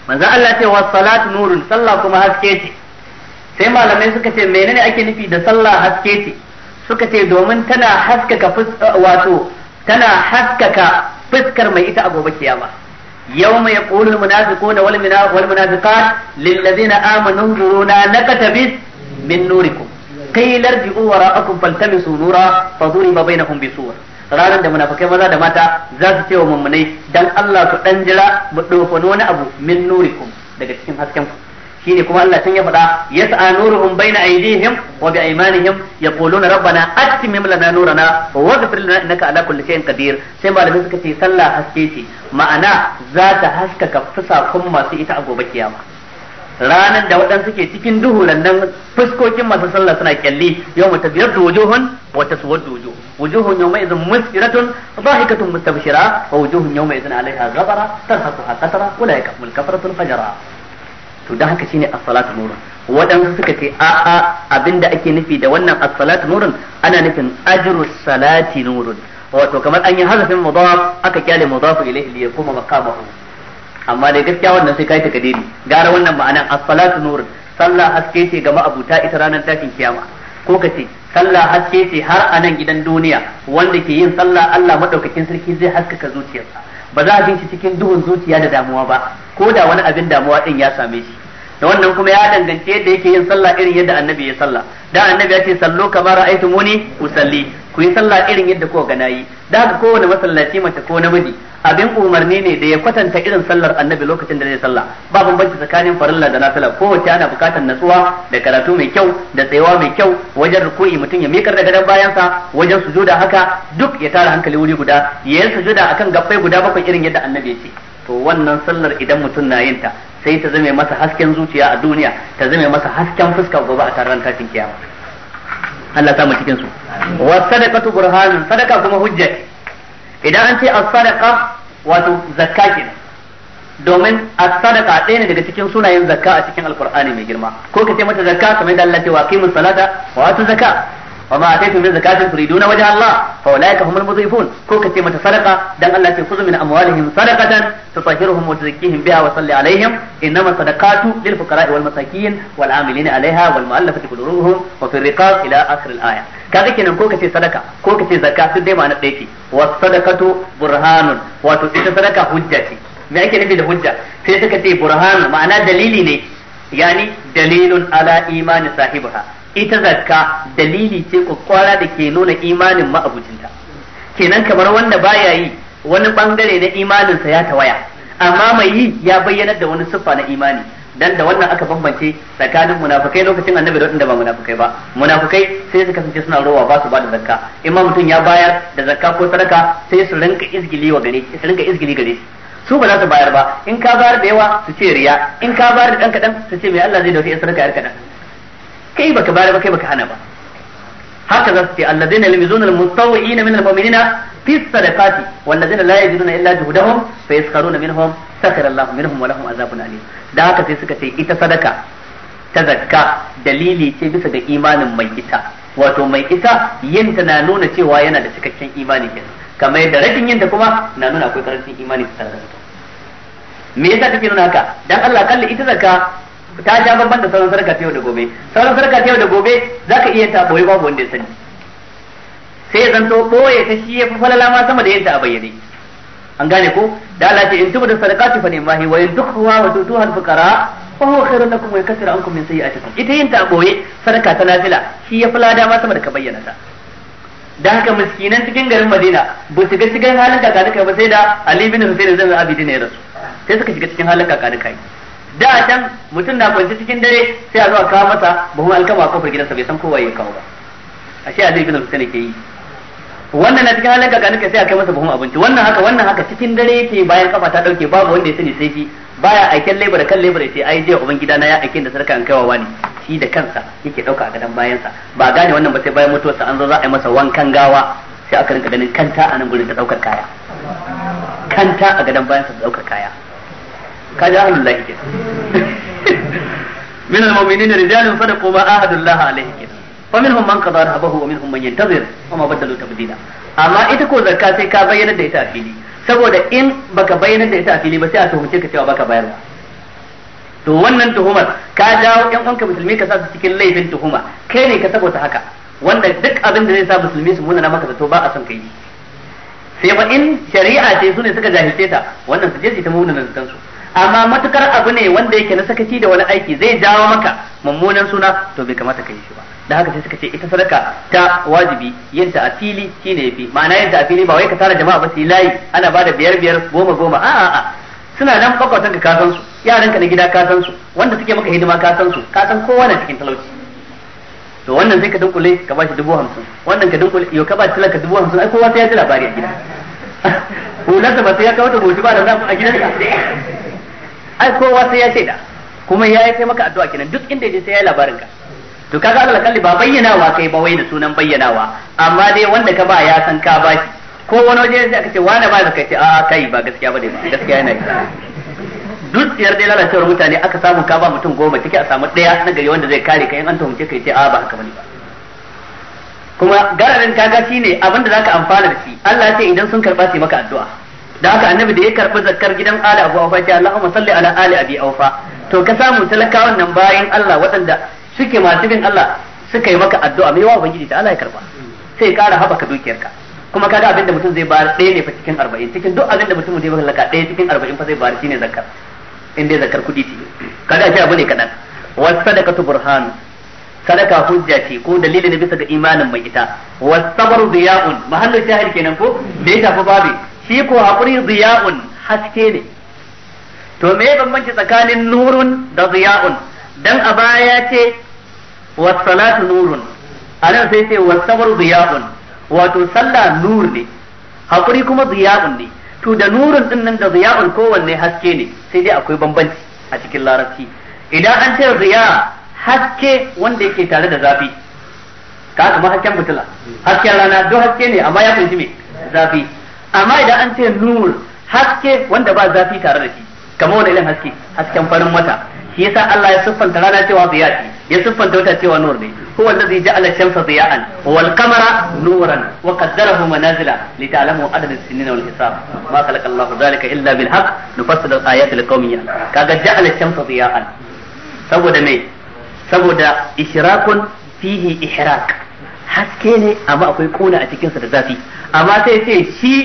manzo Allah ce wa salatu nurun sallah kuma haske ce sai malamai suka ce menene ake nufi da sallah haske ce suka ce domin tana haskaka wato tana haskaka fuskar mai ita a gobe kiyama يوم يقول المنافقون والمنافقات للذين آمنوا انظرونا نقتبس من نوركم qila irji'u faltami faltamisu nura faduriba bainahum bisuwar ranar da munafikai maza da mata za su ce wa mummunai dan Allah ku dan jira mu dofano wani abu min nurikum daga cikin hasken ku shine kuma Allah tun ya faɗa yas'a nuruhum baina aydihim wa bi aymanihim yaquluna rabbana atmim lana nurana wa waghfir lana innaka ala kulli shay'in qadir sai malamai suka ce sallah haske ce ma'ana za ta haskaka fusakun masu ita a gobe kiyama ranar da waɗansu ke cikin duhu nan fuskokin masu sallah suna kyalli yau mata biyar da wujuhun wata suwar da wujuh wujuhun yau mai izin musfiratun zahikatun mustabshira wa wujuhun yau mai izin alaiha gabara tarhasu ha kasara wala ya kafmul kafaratul fajara to da haka shine as-salatu nurun waɗansu suka ce a a abinda ake nufi da wannan as-salatu nurun ana nufin ajru salati nurun wato kamar an yi hazafin mudaf aka kyale mudaf ilayhi li yakuma maqamahu amma dai gaskiya wannan sai kai takadiri gara wannan ma'anan as-salatu nur sallah haske ce ga ma'abuta ita ranar tashin kiyama ko ka ce sallah haske ce har anan gidan duniya wanda ke yin sallah Allah madaukakin sarki zai haskaka zuciyarsa ba za a bin shi cikin duhun zuciya da damuwa ba ko da wani abin damuwa din ya same shi da wannan kuma ya danganci yadda yake yin sallah irin yadda annabi ya sallah da annabi ya ce sallo aiki ra'aytumuni usalli ku yi sallah irin yadda ko ga nayi da haka kowane masallaci mace ko namiji abin umarni ne da ya kwatanta irin sallar annabi lokacin da zai sallah ba bambanci tsakanin farilla da nafila kowace ana bukatar natsuwa da karatu mai kyau da tsayawa mai kyau wajen ruku'i mutum ya mikar da gadon bayansa wajen sujuda haka duk ya tara hankali wuri guda ya yi sujuda akan gabbai guda bakwai irin yadda annabi ya ce to wannan sallar idan mutum na yin ta sai ta zame masa hasken zuciya a duniya ta zame masa hasken fuska gobe a taron tashin kiyama Allah mu cikin su wa sadaqatu burhanun sadaka kuma hujja. idan an ce as-sadaqa wato zakka kenan domin as-sadaqa ɗaya ne daga cikin sunayen zakka a cikin alqur'ani mai girma ko ka ce mata zakka kamar da Allah ce wa qimus salata wa atu zakka wa ma ataytum min zakatin turiduna wajha Allah fa ulaika humul mudhifun ko kace mata sadaka dan Allah ce khudhu min amwalihim sadaqatan tutahhiruhum wa tuzakkihim biha wa salli alaihim innama sadaqatu lil fuqara'i wal masakin wal 'amilina 'alayha wal mu'allafati qulubuhum wa fi ila akhir al aya kaga kenan ko kace sadaka ko kace zakka duk dai ma'ana ɗaya ce burhanun wato ita sadaka hujja ce me ake nufi da hujja sai suka ce burhan ma'ana dalili ne yani dalilun ala imani sahibiha ita zakka dalili ce kwakwara da ke nuna imanin ma'abucinta kenan kamar wanda baya yi wani bangare na imanin sa ya tawaya amma mai yi ya bayyana da wani siffa na imani dan da wannan aka bambance tsakanin munafukai lokacin annabi da waɗanda ba munafukai ba munafukai sai su kasance suna rowa ba su ba da zakka imma mutum ya bayar da zakka ko sadaka sai su rinka izgili wa gare su rinka izgili gare shi su ba za su bayar ba in ka bayar da yawa su ce riya in ka bayar da ɗan kaɗan su ce mai Allah zai dauke in sadaka yar kaɗan kai baka bayar ba kai baka hana ba haka za su ce alladheena yalmizuna almutawwi'ina min almu'minina fi sadaqati walladheena la yajiduna illa juhdahum fa yaskharuna minhum sakara Allahu minhum wa lahum azabun alim da haka sai suka ce ita sadaka ta zakka dalili ce bisa ga imanin mai ita wato mai ita yin ta na nuna cewa yana da cikakken imani kenan kamar yadda rashin yin ta kuma na nuna akwai karancin imani tsara tare da me yasa kake nuna haka dan Allah kalli ita zakka ta ja babban da sauran sarka ta yau da gobe sauran sarka ta yau da gobe zaka iya ta boye babu wanda ya sani sai ya zanto boye ta shi ya fi falala ma sama da yadda a bayyane an gane ko da Allah ce in da sadaqati fa nimahi wa in tukhuha wa tutuha al fuqara fa huwa khairun lakum wa yakthiru ankum min sayi'atikum ita yin ta boye sadaka ta nafila shi ya fi lada ma sama da ka bayyana ta da haka miskinan cikin garin Madina ba su ga cikin halin kaka da kai ba sai da Ali bin Husayn zan Abidin ya rasu sai suka shiga cikin halin kaka da kai da a can mutum na kwanci cikin dare sai a zo a kawo masa buhun alkama a kofar gidansa bai san kowa ya kawo ba a shi zai bin Husayn ke yi wannan na cikin halin kakanin sai a kai masa buhun abinci wannan haka wannan haka cikin dare yake bayan kafa ta dauke babu wanda ya sani sai shi baya aiken lebar kan lebar sai ai je uban gidana ya aiken da sarka an kaiwa wani shi da kansa yake dauka a gadan bayansa ba gane wannan ba sai bayan mutuwarsa an zo za a yi masa wankan gawa sai aka rinka ganin kanta a nan gurin ta daukar kaya kanta a gadan da daukar kaya ka ja ahlul lahi kenan min ne rijalun sadaqu ma ahadullah alaihi kenan fa minhum man qada rahabahu wa minhum man yantazir wa ma badalu tabdila amma ita ko zakka sai ka bayyana da ita a fili saboda in baka bayyana da ita a fili ba sai a tuhumce ka cewa baka bayarwa to wannan tuhumar ka jawo yan uwanka musulmi ka sa su cikin laifin tuhuma kai ne ka saboda haka wanda duk abin da zai sa musulmi su munana maka zato ba a son kai sai ba in shari'a ce su ne suka jahilce ta wannan su je su ta munana zaton su amma matukar abu ne wanda yake na sakaci da wani aiki zai jawo maka mummunan suna to bai kamata ka yi shi ba da haka sai suka ce ita sadaka ta wajibi yin ta a fili shine yafi ma'ana yin ta a fili ba wai ka tara jama'a ba su layi ana bada biyar biyar goma goma a'a a'a suna nan bakwatan ka kasan su yaran ka na gida kasan su wanda suke maka hidima kasan su kasan kowa na cikin talauci to wannan sai ka dunkule ka bashi dubu hamsin wannan ka dunkule yau ka bashi talaka dubu hamsin ai kowa sai ya ji labari a gida hularsa ba sai ya kawo ta gobe ba da za a gidanka ai kowa sai ya shaida kuma ya yi maka addu'a kenan duk inda je sai ya labarin ka to kaga Allah kalli ba bayyanawa kai ba wai da sunan bayyanawa amma dai wanda ka ba ya san ka ba shi ko wani waje sai aka ce wani ba zaka ce a kai ba gaskiya ba dai ba gaskiya yana duk tsiyar dai lalacewar mutane aka samu ka ba mutum goma take a samu daya na gari wanda zai kare ka in an tuhumce kai ce a ba haka bane ba kuma gararin kaga shine abinda zaka amfana da shi Allah ya ce idan sun karba sai maka addu'a da haka annabi da ya karɓi zakkar gidan ali abu aufa ce Allahumma salli ala ali abi aufa to ka samu talakawan nan bayan Allah waɗanda suke masu bin Allah suka yi maka addu'a mai yawa ubangiji ta Allah ya karba sai ƙara haɓaka dukiyarka kuma kaga abinda mutum zai bayar ɗaya ne fa cikin arba'in cikin duk abinda mutum zai laka ɗaya cikin arba'in fa zai bayar shine zakkar inda ya zakkar kuɗi ce kaga shi abu ne kaɗan wasu sadakatu burhanu sadaka hujja ce ko dalilin da bisa ga imanin mai ita was sabru diya'un mahallu shahid kenan ko da ya tafi babu shi ko haƙuri ziya'un haske ne to me bambanci tsakanin nurun da ziya'un dan a baya ya ce wassalatu nurun a nan sai ce wasabar ziya'un wato sallah nur ne haƙuri kuma ziya'un ne to da nurun din nan da ziya'un kowanne haske ne sai dai akwai bambanci a cikin larabci idan an ce ziya haske wanda yake tare da zafi ka kama hasken mutula hasken rana duk haske ne amma ya kunshi me zafi amma idan an ce nur haske wanda ba zafi tare da shi kamar wani irin haske hasken farin wata shi yasa Allah ya siffanta rana cewa ziya ce ya siffanta wata cewa nur ne huwa ji ja'ala shamsa ziya'an wal qamara nuran wa qaddarahu manazila li ta'lamu adad as-sinina wal hisab ma khalaqa Allahu dhalika illa bil haqq nufassilu al-ayati liqaumin ya'lamun kaga ja'ala shamsa ziya'an saboda me saboda ishrakun fihi ihrak haske ne amma akwai kona a cikinsa da zafi amma sai ce shi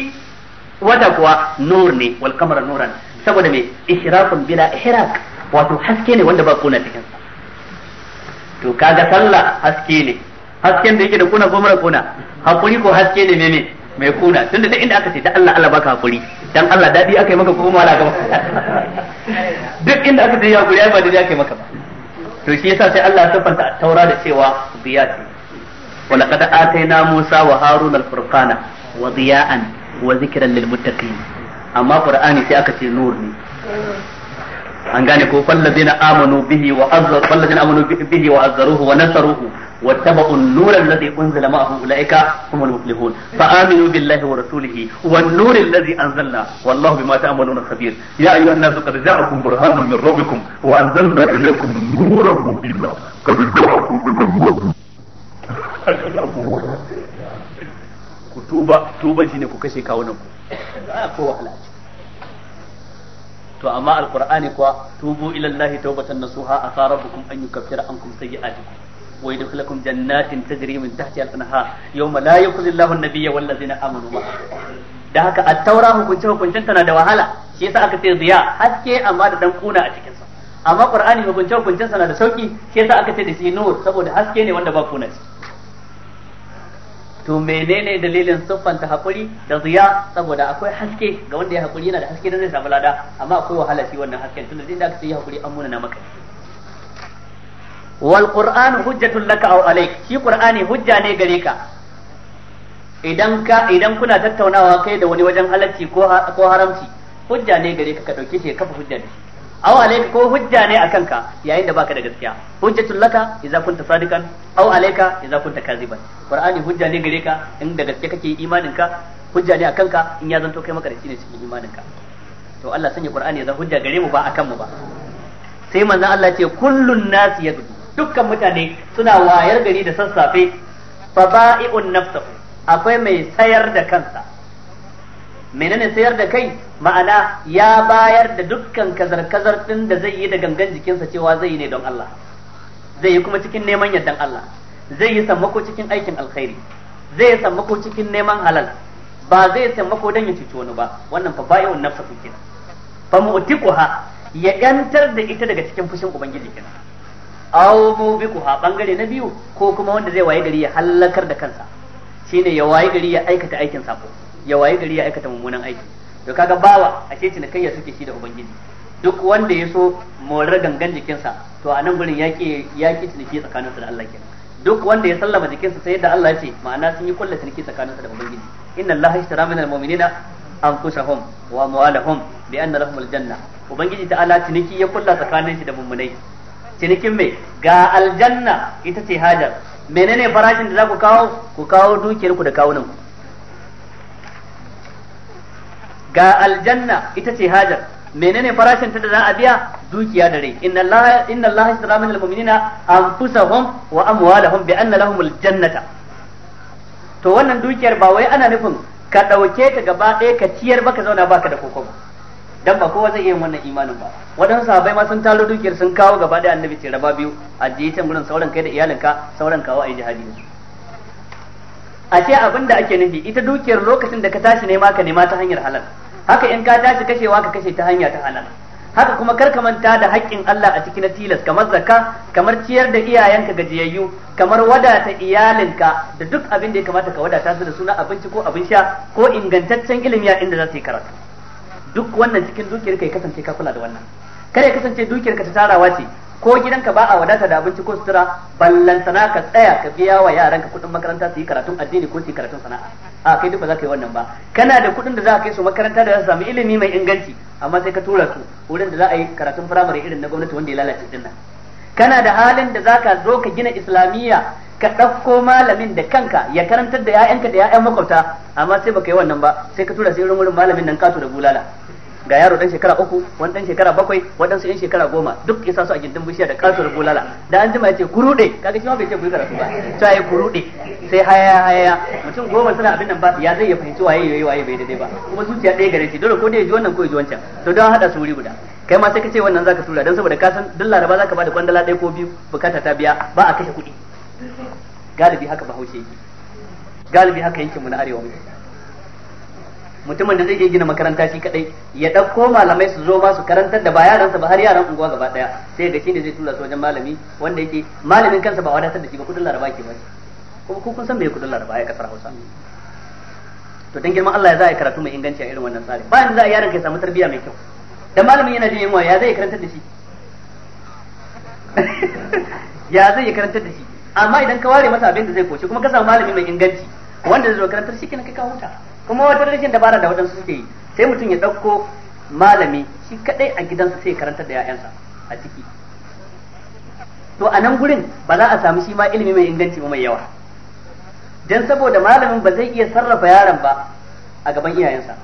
wata kuwa nur ne wal kamara nuran saboda me ishraqun bila ihraq wato haske ne wanda ba kuna cikin sa to kaga sallah haske ne hasken da yake da kuna gomara kuna hakuri ko haske ne mene mai kuna tunda duk inda aka ce da Allah Allah baka hakuri dan Allah dadi aka yi maka ko mala ga duk inda aka ce ya hakuri ai ba dadi aka yi maka ba to shi yasa sai Allah ya siffanta taura da cewa biya ce wa laqad atayna Musa wa Haruna al-furqana wa diya'an وذكرا للمتقين اما قران سي qur'ani sai aka ce nur ne an gane ko fallazina amanu bihi wa azzaru fallazina واتبعوا النور الذي انزل معه اولئك هم المفلحون فامنوا بالله ورسوله والنور الذي انزلنا والله بما تعملون خبير يا ايها الناس قد جاءكم برهان من ربكم وانزلنا اليكم نورا مبينا قد جاءكم من ربكم ku tuba tuba shine ku kashe kawunan ku ko wahala ce to amma alqur'ani kuwa tubu ila allahi tawbatan nasuha asa rabbukum an yukaffira ankum sayyi'atikum wa yadkhulukum jannatin tajri min tahtiha al-anhar yawma la yukhzi allahu an-nabiyya wal ladzina amanu ma da haka at-taura hukunce hukuncen tana da wahala shi yasa aka ce ziya haske amma da dan kuna a cikin sa amma qur'ani hukunce hukuncen sa na da sauki shi yasa aka ce da shi nur saboda haske ne wanda ba kuna ciki to menene dalilin siffanta hakuri da ziya saboda akwai haske ga wanda ya hakuri yana da haske da zai samu lada amma akwai wahala shi wannan hasken tunda da aka ya hakuri an munana maka wal qur'an hujjatul laka aw alayk shi qur'ani hujja ne gare ka idan ka idan kuna tattaunawa kai da wani wajen halacci ko ko haramci hujja ne gare ka ka dauke shi ka kafa hujja da shi aw alayka ko hujja ne akan ka yayin da baka da gaskiya hujjatul laka idza kunta sadikan aw alayka idza kunta kaziban qur'ani hujja ne gare ka in da gaske kake imanin ka hujja ne akan ka in ya zanto kai makarici ne cikin imanin ka to Allah sanya qur'ani ya zama hujja gare mu ba akan mu ba sai manzon Allah ce kullun ya gudu. dukkan mutane suna wayar gari da sassafe fa ba'i'un nafsahu akwai mai sayar da kansa menene sayar da kai ma'ana ya bayar da dukkan kazar-kazar din da zai yi da gangan jikinsa cewa zai yi ne don Allah zai yi kuma cikin neman yardan Allah zai yi sammako cikin aikin alkhairi zai yi sammako cikin neman halal ba zai sammako don ya cuci wani ba wannan fa bayan nafsa su kenan fa mu'tiquha ya yantar da ita daga cikin fushin ubangiji kenan aw mubiquha bangare na biyu ko kuma wanda zai waye gari ya halakar da kansa shine ya waye gari ya aikata aikin sako ya waye gari ya aikata mummunan aiki to kaga bawa a ce kai ya suke shi da ubangiji duk wanda ya so morar gangan jikinsa to a nan gurin yaƙi ciniki tsakaninsa da Allah kenan duk wanda ya sallama jikinsa sai da Allah ce ma'ana sun yi kullu ciniki tsakaninsa da ubangiji inna Allah muminai minal mu'minina anfusahum wa amwalahum bi anna lahum janna ubangiji ta allah ciniki ya kulla tsakanin shi da mummunai cinikin mai ga aljanna ita ce hajar menene farashin da za ku kawo ku kawo dukiyar da kawunan ku ga aljanna ita ce hajar menene farashin ta da za a biya dukiya da rai inna allaha inna allaha yastara min mu'minina anfusahum wa amwalahum bi anna lahum aljannata to wannan dukiyar ba wai ana nufin ka dauke ta gaba ɗaya ka ciyar ba ka zauna baka da koko ba dan ba kowa zai iya wannan imanin ba wadansu sahabbai ma sun taro dukiyar sun kawo gaba ɗaya annabi ce raba biyu ajiye ta gurin sauran kai da iyalinka sauran kawo ayi jihadi a ce abin da ake nufi ita dukiyar lokacin da ka tashi nema ka nema ta hanyar halal haka in ka tashi kashewa ka kashe ta hanya ta halal haka kuma kar ka manta da haƙƙin Allah a cikin tilas kamar zakka kamar ciyar da iyayenka gajiyayyu kamar wadata iyalinka da duk abin da ya kamata ka wadata su da suna abinci ko abin sha ko ingantaccen ilimi a inda za su yi karatu duk wannan cikin dukiyar ka kasance ka kula da wannan kada ya kasance dukiyar ka ta tarawa ce ko gidanka ba a wadata da abinci ko sutura ballantana ka tsaya ka biya wa yaranka kuɗin makaranta su yi karatun addini ko su yi karatun sana'a a kai duk ba za ka yi wannan ba kana da kuɗin da za ka kai su makaranta da za su samu ilimi mai inganci amma sai ka tura su wurin da za a yi karatun firamare irin na gwamnati wanda ya lalace din nan kana da halin da za ka zo ka gina islamiyya ka ɗauko malamin da kanka ya karantar da 'ya'yanka da 'ya'yan makwabta amma sai baka yi wannan ba sai ka tura sai wurin malamin nan kato da bulala ga yaro dan shekara uku wani dan shekara bakwai waɗansu yan shekara goma duk ya sa su a gindin bishiya da kasar bulala da an jima ya ce kurude kaga shi ma bai ce ku karatu ba ta ya kurude sai haya haya mutum goma suna abin nan ba ya zai ya fahimci waye yayi waye bai daidai ba kuma zuciya ɗaya gare shi dole ko dai ya ji wannan ko ya ji wancan to don hada su wuri guda kai ma sai ka ce wannan zaka tura dan saboda ka san duk laraba zaka bada kwandala ɗaya ko biyu bukata ta biya ba a kashe kuɗi galibi haka bahaushe yake galibi haka yankin mu na arewa muke mutumin da zai iya gina makaranta shi kadai ya dauko malamai su zo ma su karantar da ba yaransa ba har yaran unguwa gaba daya sai ga shine zai tura su wajen malami wanda yake malamin kansa ba wadatar da shi ba kudin laraba ke ba kuma ko kun san me kudin laraba ya kasar Hausa to dan girman Allah ya za a karatu mai inganci a irin wannan tsari ba yanda za a yaran kai samu tarbiyya mai kyau dan malamin yana jin yunwa ya zai karantar da shi ya zai karantar da shi amma idan ka ware masa abin da zai koce kuma ka samu malami mai inganci wanda zai zo karantar shi kenan kai ka huta kuma wata rashin dabara da waɗansu suke yi sai mutum ya ɗauko malami shi kadai a gidansa sai karantar da 'ya'yansa a ciki to a nan gurin ba za a samu shi ma ilimi mai inganci ba mai yawa dan saboda malamin ba zai iya sarrafa yaron ba a gaban iyayensa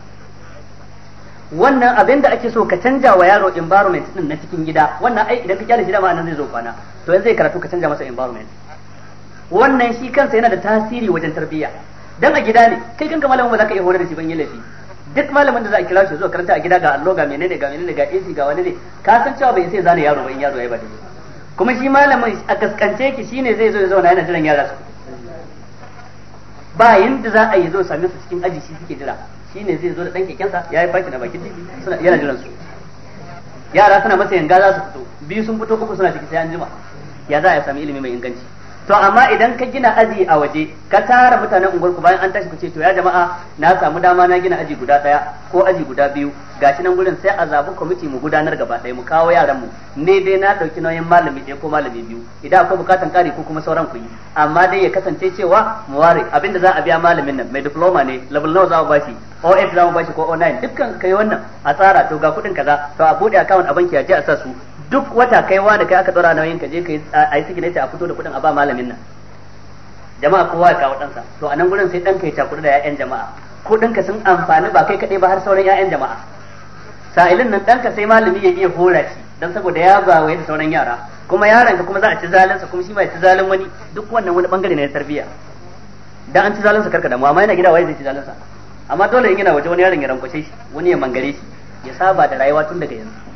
wannan abin da ake so ka canja wa yaro environment din na cikin gida wannan ai idan ka kyale shi dama nan zai zo kwana to yanzu zai karatu ka canja masa environment wannan shi kansa yana da tasiri wajen tarbiyya dan a gida ne kai kanka malamin ba za ka iya horar da shi ban yi laifi duk malamin da za a kira shi zuwa karanta a gida ga allo ga menene ga menene ga AC ga wani ne ka san cewa bai sai zane yaro ba in yaro ya ba da kuma shi malamin a kaskance ki shine zai zo ya zauna yana jiran yara su ba yanda za a yi zo same su cikin aji shi suke jira shine zai zo da dan kekensa ya yi fakin na bakin titi suna yana jiran su yara suna masa yanga za su fito biyu sun fito uku suna ciki sai an jima ya za a sami ilimi mai inganci to amma idan ka gina aji a waje ka tara mutanen unguwarku bayan an tashi ku ce to ya jama'a na samu dama na gina aji guda daya ko aji guda biyu gashi nan gurin sai a zabi kwamiti mu gudanar gaba daya mu kawo yaran mu ne dai na ɗauki nauyin malami ɗaya ko malami biyu idan akwai bukatan ƙari ko kuma sauran ku yi amma dai ya kasance cewa mu ware abinda za a biya malamin nan mai diploma ne level nawa za mu bashi OF za mu bashi ko O9 dukkan kai wannan a tsara to ga kuɗin kaza to a buɗe account a banki a je a sa su duk wata kai da kai aka tsara nauyin ka je kai ai siki ne a fito da kuɗin a ba malamin nan jama'a kowa ya kawo ɗansa to a nan gurin sai ka ya cakudu da 'ya'yan jama'a ka sun amfani ba kai kaɗai ba har sauran 'ya'yan jama'a sa'ilin nan ɗanka sai malami ya iya hora shi don saboda ya ba da sauran yara kuma yaran ka kuma za a ci zalinsa kuma shi ma ya ci zalin wani duk wannan wani bangare ne na tarbiyya dan an ci zalinsa karka damu amma yana gida waye zai ci zalinsa amma dole in yana waje wani yaron ya rankwashe shi wani ya mangare shi ya saba da rayuwa tun daga yanzu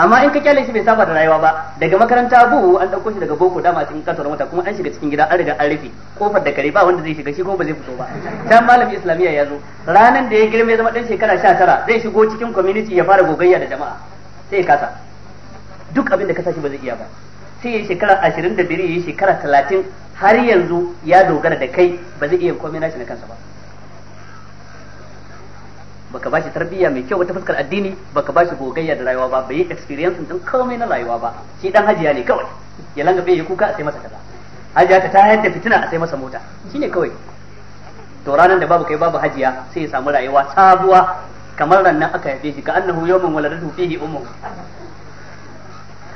amma in ka kyale shi bai saba da rayuwa ba daga makaranta bu an dauko shi daga boko dama cikin kantar mota kuma an shiga cikin gida an riga an rufe kofar da kare ba wanda zai shiga shi ko ba zai fito ba dan malami islamiyya ya zo ranan da ya girme zama dan shekara 19 zai shigo cikin community ya fara gogayya da jama'a sai ya kasa duk abin da ka sashi ba zai iya ba sai ya shekara dari ya yi shekara 30 har yanzu ya dogara da kai ba zai iya komai shi na kansa ba baka bashi tarbiyya mai kyau wata fuskar addini baka bashi gogayya da rayuwa ba bai experience din komai na rayuwa ba shi dan hajiya ne kawai ya langa bai kuka a sai masa kaza hajiya ta tayar da fitina a sai masa mota shine kawai to ranar da babu kai babu hajiya sai ya samu rayuwa sabuwa kamar rannan aka yafe shi ka annahu yawmin waladatu fihi ummu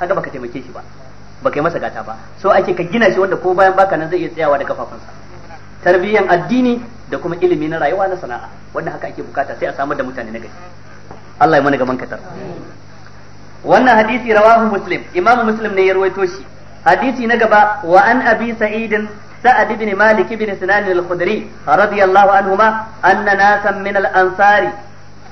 kaga baka taimake shi ba baka yi masa gata ba so ake ka gina shi wanda ko bayan baka nan zai iya tsayawa da kafafunsa tarbiyyan addini da kuma ilimi na rayuwa na sana'a wanda haka ake bukata sai a samar da mutane na gari Allah ya mana wannan hadisi rawahu muslim imam muslim ne ya ruwaito shi hadisi na gaba wa an abi sa'idin sa'ad ibn malik ibn sinan al-khudri radiyallahu anhuma anna nasan min al-ansari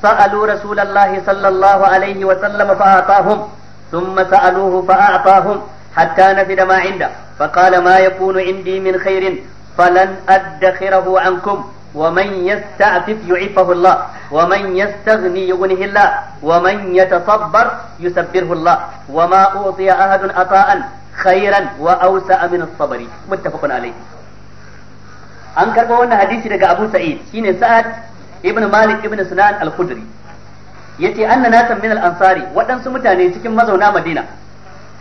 sa'alu rasulullahi sallallahu alayhi wa sallam fa atahum thumma sa'aluhu fa atahum hatta nafida ma inda fa qala ma yakunu indi min khairin فلن أدخره عنكم ومن يستعفف يعفه الله ومن يستغني يغنه الله ومن يتصبر يسبره الله وما أعطي أحد أطاء خيرا وأوسع من الصبر متفق عليه an karɓo wannan hadisi daga Abu Sa'id shine Sa'ad ibn Malik ibn Sinan al-Khudri yace anna nasan min al-ansari waɗansu mutane cikin mazauna Madina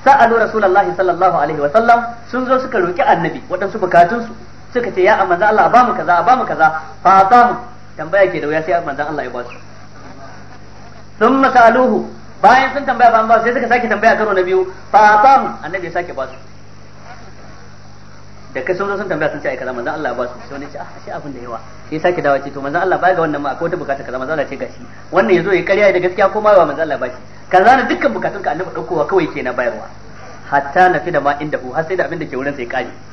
sa'alu Rasulullah sallallahu alaihi wa sallam sun zo suka roki annabi waɗansu bukatunsu suka ce ya manzan Allah a mu kaza a mu kaza fa a bamu tambaya ke da wuya sai a manzan Allah ya basu su masa aluhu bayan sun tambaya ba ba sai suka sake tambaya karo na biyu fa a bamu annabi ya sake basu su da kai sun sun tambaya sun ce ai kaza manzan Allah ya su sai wani ce ah shi abin da yawa sai sake dawo ce to manzan Allah baya ga wannan ma akwai wata bukata kaza manzan Allah ce gashi wannan yazo ya karya da gaskiya ko ma ba manzan Allah ba shi kaza na dukkan bukatun ka annabi daukowa kawai ke na bayarwa hatta fi da ma inda hu har sai da abin da ke wurin sai kare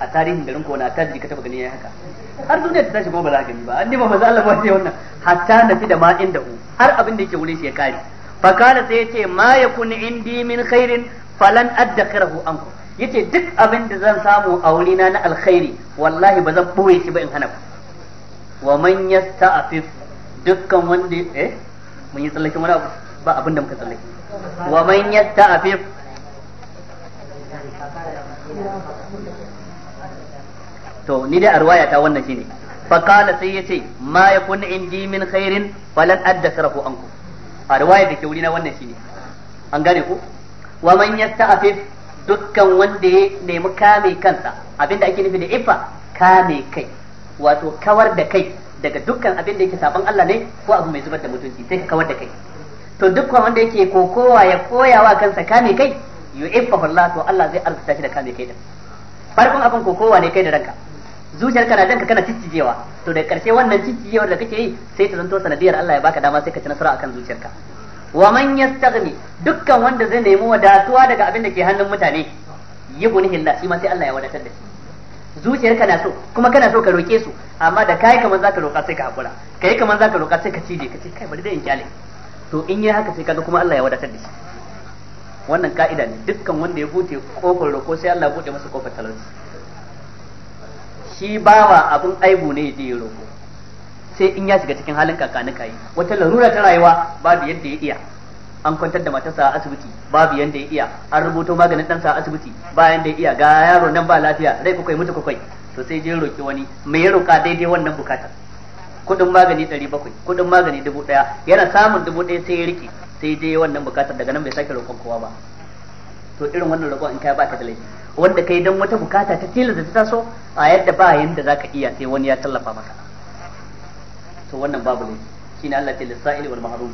a tarihin garin ko na tajiri ka taba gani yayi haka har duniya ta tashi kuma ba za ka gani ba annabi za Allah ba sai wannan hatta na fi da ma inda hu har abin da yake wurin shi ya kare fa kana sai yace ma yakun indi min khairin falan addakhirahu anku yace duk abin da zan samu a wuri na alkhairi wallahi ba zan boye shi ba in hana ku wa man yasta'fif dukkan wanda eh mun yi tsallake wani abu ba abin da muka tsallake wa man yasta'fif to ni dai a ruwaya ta wannan shine fa qala sai yace ma yakun indi min khairin falan addasarahu anku a ruwaya da ke wuri na wannan shine an gane ku wa man yasta'fif dukkan wanda ya nemi kame kansa abinda ake nufi da ifa kame kai wato kawar da kai daga dukkan abin da yake saban Allah ne ko abu mai zubar da mutunci sai ka kawar da kai to dukkan wanda yake kokowa ya koyawa kansa kame kai yu'iffahu Allah to Allah zai arzuta shi da kame kai da farkon abin kokowa ne kai da ranka zuciyarka na ka kana ciccijewa to da karshe wannan ciccijewar da kake yi sai ta zanto sanadiyar Allah ya baka dama sai ka ci nasara akan zuciyarka wa man yastaghni dukkan wanda zai nemi wadatuwa daga abin da ke hannun mutane yubnihi Allah shi ma sai Allah ya wadatar da shi zuciyarka na so kuma kana so ka roke su amma da kai kaman zaka roka sai ka hakura kai kaman zaka roka sai ka cije ka ce kai bari dai in kyale to in yi haka sai kaga kuma Allah ya wadatar da shi wannan ka'ida ne dukkan wanda ya bude kofar roko sai Allah ya bude masa kofar talauci shi bawa abin aibu ne ya je ya roƙo sai in ya shiga cikin halin kakani kai wata larura ta rayuwa babu yadda ya iya an kwantar da matarsa a asibiti babu yadda ya iya an rubuto maganin ɗansa a asibiti ba yadda ya iya ga yaro nan ba lafiya rai kwakwai mutu kwakwai to sai je roƙi wani mai ya roƙa daidai wannan bukata kuɗin magani ɗari bakwai kuɗin magani dubu ɗaya yana samun dubu ɗaya sai ya riƙe. sai je wannan bukatar daga nan bai sake roƙon kowa ba to irin wannan roƙon in kai ba ta da laifi wanda kai dan wata bukata ta tilasta da ta taso a yadda ba yadda zaka iya sai wani ya tallafa maka to wannan babu ne shine Allah ta lisa'il wal mahrum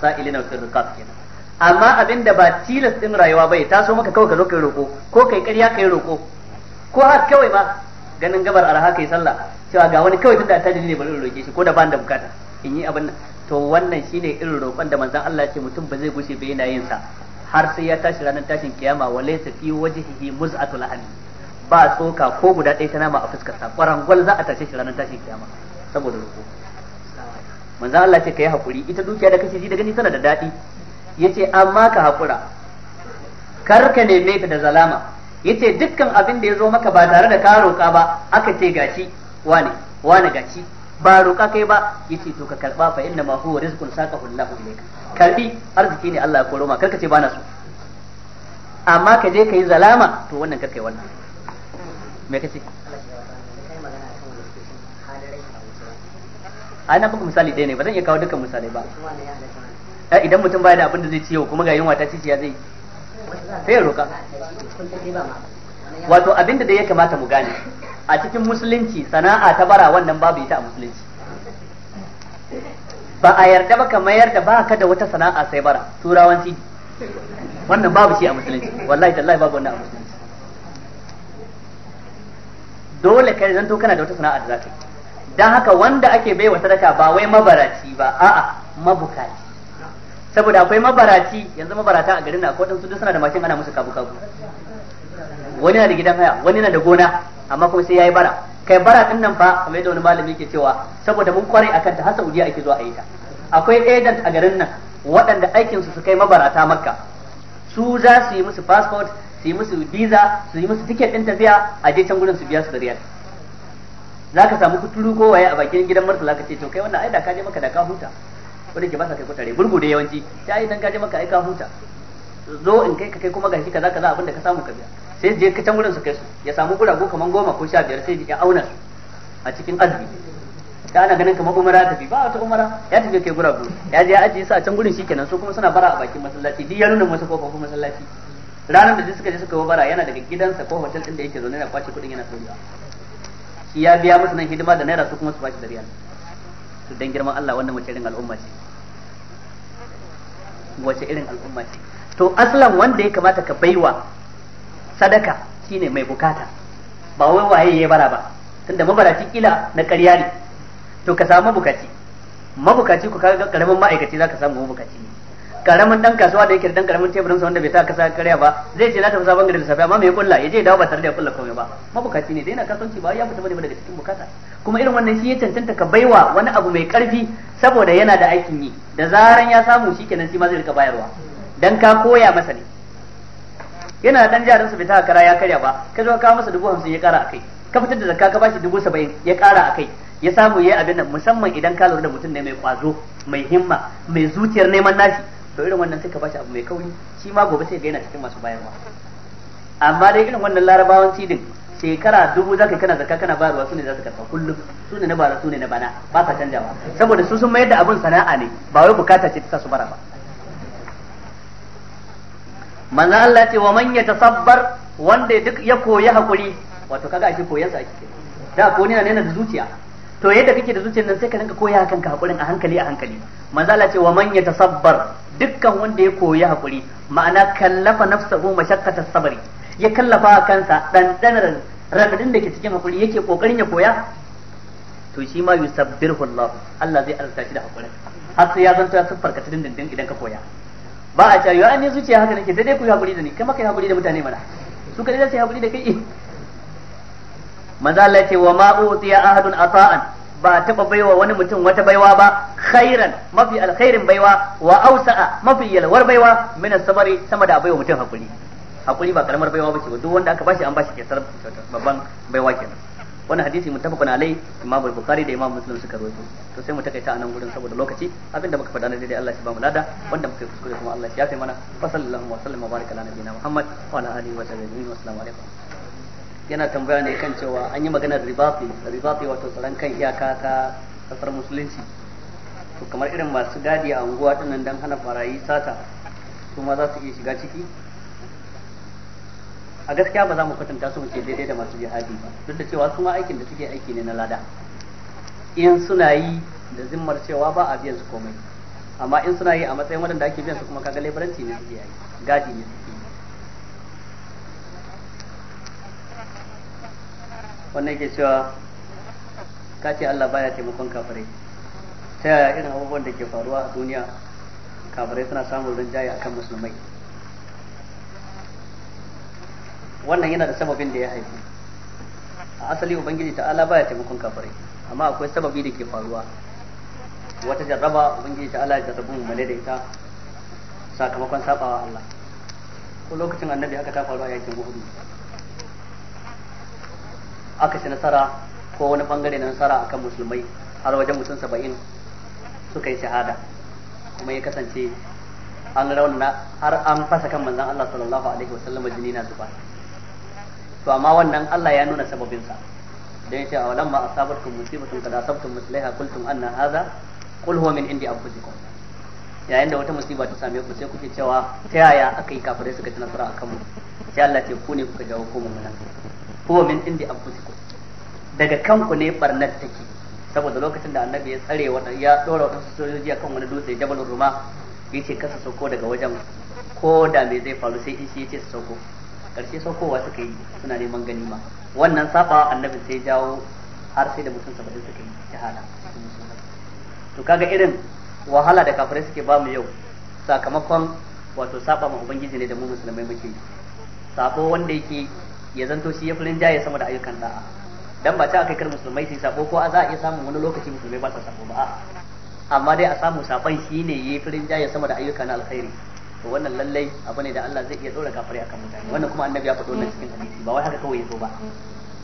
sa'ilin wa sirqat kenan amma abin da ba tilas din rayuwa bai taso maka kawai ka zo kai roko ko kai ƙarya kai roko ko har kawai ma ganin gabar arha kai sallah cewa ga wani kawai tunda ta ne bari roke shi ko da ban da bukata in yi abin to wannan shine irin roƙon da manzon Allah ya ce mutum ba zai gushe ba yana yin sa har sai ya tashi ranar tashin kiyama wa laysa fi wajhihi muz'atu lahmi ba tsoka ko guda ɗaya ta nama a fuskar sa gwal za a tashi shi ranar tashin kiyama saboda roƙo manzon Allah ce kai hakuri ita dukiya da kake ji da gani tana da daɗi yace amma ka hakura kar ka neme ta da zalama yace dukkan abin da ya zo maka ba tare da ka roƙa ba aka ce gashi wane wane gashi ba roƙa kai ba yace to ka karba fa inna ma huwa rizqun saqahu Allahu ilayka karbi arziki ne Allah ya koro ma karka ce bana so amma ka je kai zalama to wannan karkai wannan me kace A na baka misali ɗaya ne ba zan iya kawo dukkan misalai ba eh, idan mutum baya da abin da zai ciyo kuma ga yunwa ta ciciya ya zai sai ya roƙa wato abin da ya kamata mu gane a cikin musulunci sana'a ta bara wannan babu ita a musulunci ba a yarda ba ka mayar da baka da wata sana'a sai bara turawan CD wannan babu shi a musulunci wallahi tallahi babu wannan a musulunci dole kai zanto kana da wata sana'a da za ka yi dan haka wanda ake wa sadaka ba wai mabaraci ba a'a mabukaci saboda akwai mabaraci yanzu mabarata a garin na ko dan su duk suna da mashin ana musu kabu kabu wani na da gidan haya wani na da gona amma kuma sai yayi bara kai bara din nan fa kamar yadda wani malami ke cewa saboda mun kware akan ta har Saudiya ake zuwa yi ta akwai agent a garin nan waɗanda aikin su su kai mabarata makka su za su yi musu passport su yi musu visa su yi musu ticket din tafiya a je can gurin su biya su da riyal za ka samu kuturu ko waye a bakin gidan martala ka ce to kai wannan ai da ka je maka da ka huta wanda ke ba sa kai kutare burgu da yawanci sai ai dan ka je maka ai ka huta zo in kai ka kai kuma gashi kaza kaza abin da ka samu ka biya sai je kacan wurin su kai su ya samu guragu kaman goma ko sha biyar sai ya auna su a cikin azumi da ana ganin kamar umara tafi ba wata umara ya tafi kai guragu ya je ya ajiye su a can gurin shikenan su kuma suna bara a bakin masallaci duk ya nuna masa kofa kofofin masallaci ranar da suka je suka yi bara yana daga gidansa ko hotel din da yake zaune yana kwace kudin yana sauya shi ya biya musu nan hidima da naira su kuma su bashi da riyal to dan girman Allah wannan wace irin al'umma ce wace irin al'umma ce to aslan wanda ya kamata ka baiwa sadaka shine mai bukata ba wai waye ya bara ba tunda mabaraci kila na ƙarya ne to ka samu bukaci mabukaci ku kaga karamin ma'aikaci za ka samu mabukaci ne karamin dan kasuwa da yake da dan karamin teburin sa wanda bai sa kasa ƙarya ba zai ce na tafi sabon gari da safe amma mai kulla ya je dawo ba tare da ya kulla komai ba mabukaci ne da yana kasance ba ya fita bane daga cikin bukata kuma irin wannan shi ya cancanta ka baiwa wani abu mai karfi saboda yana da aikin yi da zaran ya samu shikenan shi ma zai rika bayarwa dan ka koya masa ne yana dan jarinsa bai taka kara ya karya ba ka zo ka masa dubu hamsin ya kara akai ka fitar da zakka ka bashi dubu saba'in ya kara akai ya samu ya abin nan musamman idan ka lura da mutum ne mai kwazo mai himma mai zuciyar neman nashi to irin wannan sai ka bashi abu mai kauri shi ma gobe sai ga yana cikin masu bayarwa amma dai irin wannan larabawan tidin shekara dubu zaka kana zakka kana bayarwa su ne za su karɓa kullum su ne na bara su ne na bana ba sa canjawa saboda su sun mayar da abun sana'a ne ba wai bukata ce ta su bara ba manzan Allah ce wa ta sabbar wanda duk ya koyi hakuri wato kaga ake koyan sa ake da ko ni na da zuciya to yadda kake da zuciyar nan sai ka rinka koya kanka hakurin a hankali a hankali manzan Allah ce wa ta sabbar dukkan wanda ya koyi hakuri ma'ana kallafa nafsahu mashaqqata sabri ya kallafa kansa dandanar radadin da ke cikin hakuri yake kokarin ya koya to shi ma yusabbirhu Allah Allah zai arzuta shi da hakurin har sai ya zanta ya siffar ka dindindin idan ka koya ba a cewa an ni zuciya haka nake sai dai ku yi hakuri da ni kai maka yi hakuri da mutane mana su kai za sai yi hakuri da kai manzo Allah ce wa ma utiya ahadun ata'an ba taba baiwa wani mutum wata baiwa ba khairan mafi alkhairin baiwa wa ausa'a mafi yalwar baiwa min sabari sama da baiwa mutum hakuri hakuri ba karamar baiwa bace ba duk wanda aka bashi an bashi ke babban baiwa kenan wannan hadisi muttafaqun alai imam al-bukhari da imam muslim suka rawaito to sai mu takaita anan gurin saboda lokaci abinda muka faɗa na daidai Allah shi ba mu lada wanda muka kuskure kuma Allah shi ya kai mana fa sallallahu wa sallam wa baraka ala nabiyina muhammad wa ala alihi wa sahbihi wa assalamu alaikum yana tambaya ne kan cewa an yi magana ribafi ribafi wato tsaron kan iyaka ta kasar musulunci to kamar irin masu gadi a unguwa dinnan dan hana barayi sata su ma za su iya shiga ciki a gaskiya ba za mu kwatanta su mu daidai da masu jihadi ba duk da cewa su ma aikin da suke aiki ne na lada in suna yi da zimmar cewa ba a biyan su komai amma in suna yi a matsayin wadanda ake biyan su kuma kaga laifaranci ne suke yi gadi ne suke yi wannan ke cewa ka ce Allah baya taimakon kafirai ta yaya irin abubuwan da ke faruwa a duniya kafirai suna samun rinjaye akan musulmai wannan yana da sababin da ya haifi a asali ubangiji ta'ala baya taimakon kafirai amma akwai sababi da ke faruwa wata jarraba ubangiji ta'ala ya jarrabu mu da ita sakamakon sabawa Allah ko lokacin annabi aka ta faru a yakin Uhud aka ci nasara ko wani bangare na nasara akan musulmai har wajen mutum saba'in suka yi shahada kuma ya kasance an raunana har an fasa kan manzan Allah sallallahu alaihi wasallam jini na zuba to amma wannan Allah ya nuna sababin sa dan yace awalan ma asabatkum musibatun kada asabtum mislaha qultum anna hadha qul huwa min indi anfusikum yayin da wata musiba ta same ku sai kuke cewa ta yaya aka yi kafirai suka ci nasara akan mu sai Allah ce ku ne kuka jawo ku mun nan huwa min indi anfusikum daga kanku ne barnar take saboda lokacin da annabi ya tsare wata ya dora wata sojoji akan wani dutse jabal ruma yace kasa sauko daga wajen ko da me zai faru sai in shi yace sauko karshe saukowa suka yi suna neman ganima wannan saba annabi sai jawo har sai da mutum sabbin suka yi jihada to kaga irin wahala da kafirai suke ba mu yau sakamakon wato saba ma ubangiji ne da mu musulmai muke sabo wanda yake ya zanto shi ya fulin ya sama da ayyukan da'a dan ba ta akai kar musulmai sai sabo ko a za a iya samun wani lokaci musulmai ba sa sabo ba amma dai a samu saban shine fi fulin ya sama da ayyukan alkhairi to wannan lallai abu ne da Allah zai iya dora kafare akan mutane wannan kuma annabi ya faɗo wannan cikin hadisi ba wai haka kawai ya zo ba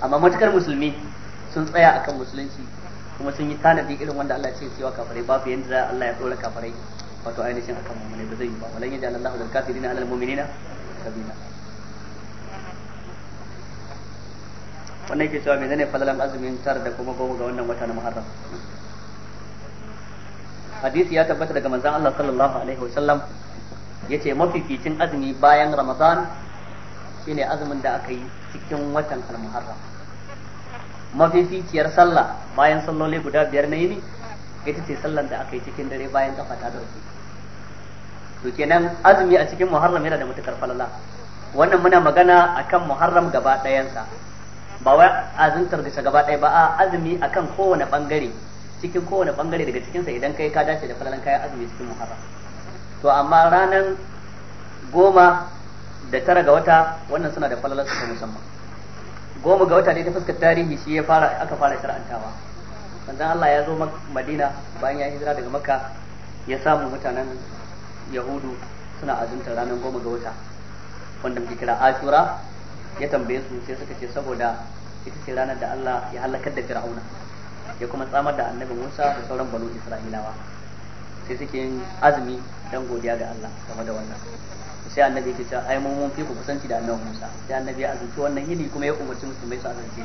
amma matukar musulmi sun tsaya akan musulunci kuma sun yi tanadi irin wanda Allah ce cewa kafare babu yanda Allah ya tsora kafare wato ainihin akan mu'mini ba zai yi ba walan yaj'al Allahu lil kafirina 'alal mu'minina sabila wannan ke cewa menene fadalan azumin tar da kuma goma ga wannan wata na Muharram hadisi ya tabbata daga manzon Allah sallallahu alaihi wasallam yace mafificin azumi bayan ramadan shine azumin da aka yi cikin watan al-muharram mafificiyar sallah bayan salloli guda biyar na yini ita ce sallan da aka yi cikin dare bayan kafa ta dauke to kenan azumi a cikin muharram yana da matukar falala wannan muna magana akan muharram gaba ɗayansa ba wai azuntar da gaba ɗaya ba a azumi akan kowane bangare cikin kowane bangare daga cikinsa idan kai ka dace da falalan kai azumi cikin muharram to amma ranar goma da tara ga wata wannan suna da falalar su musamman goma ga wata ne ta fuskar tarihi shi ya fara aka fara shar'antawa manzon Allah ya zo Madina bayan ya hijira daga Makka ya samu mutanen Yahudu suna azunta ranar goma ga wata wanda muke kira Ashura ya tambaye su sai suka ce saboda ita ce ranar da Allah ya halakar da Fir'auna ya kuma tsamar da annabi Musa da sauran banu Isra'ilawa sai suke yin azumi dan godiya ga Allah game da wannan sai annabi yake cewa ai mun fi ku kusanci da annabi Musa sai annabi ya azumci wannan yini kuma ya umarci musulmai su azumce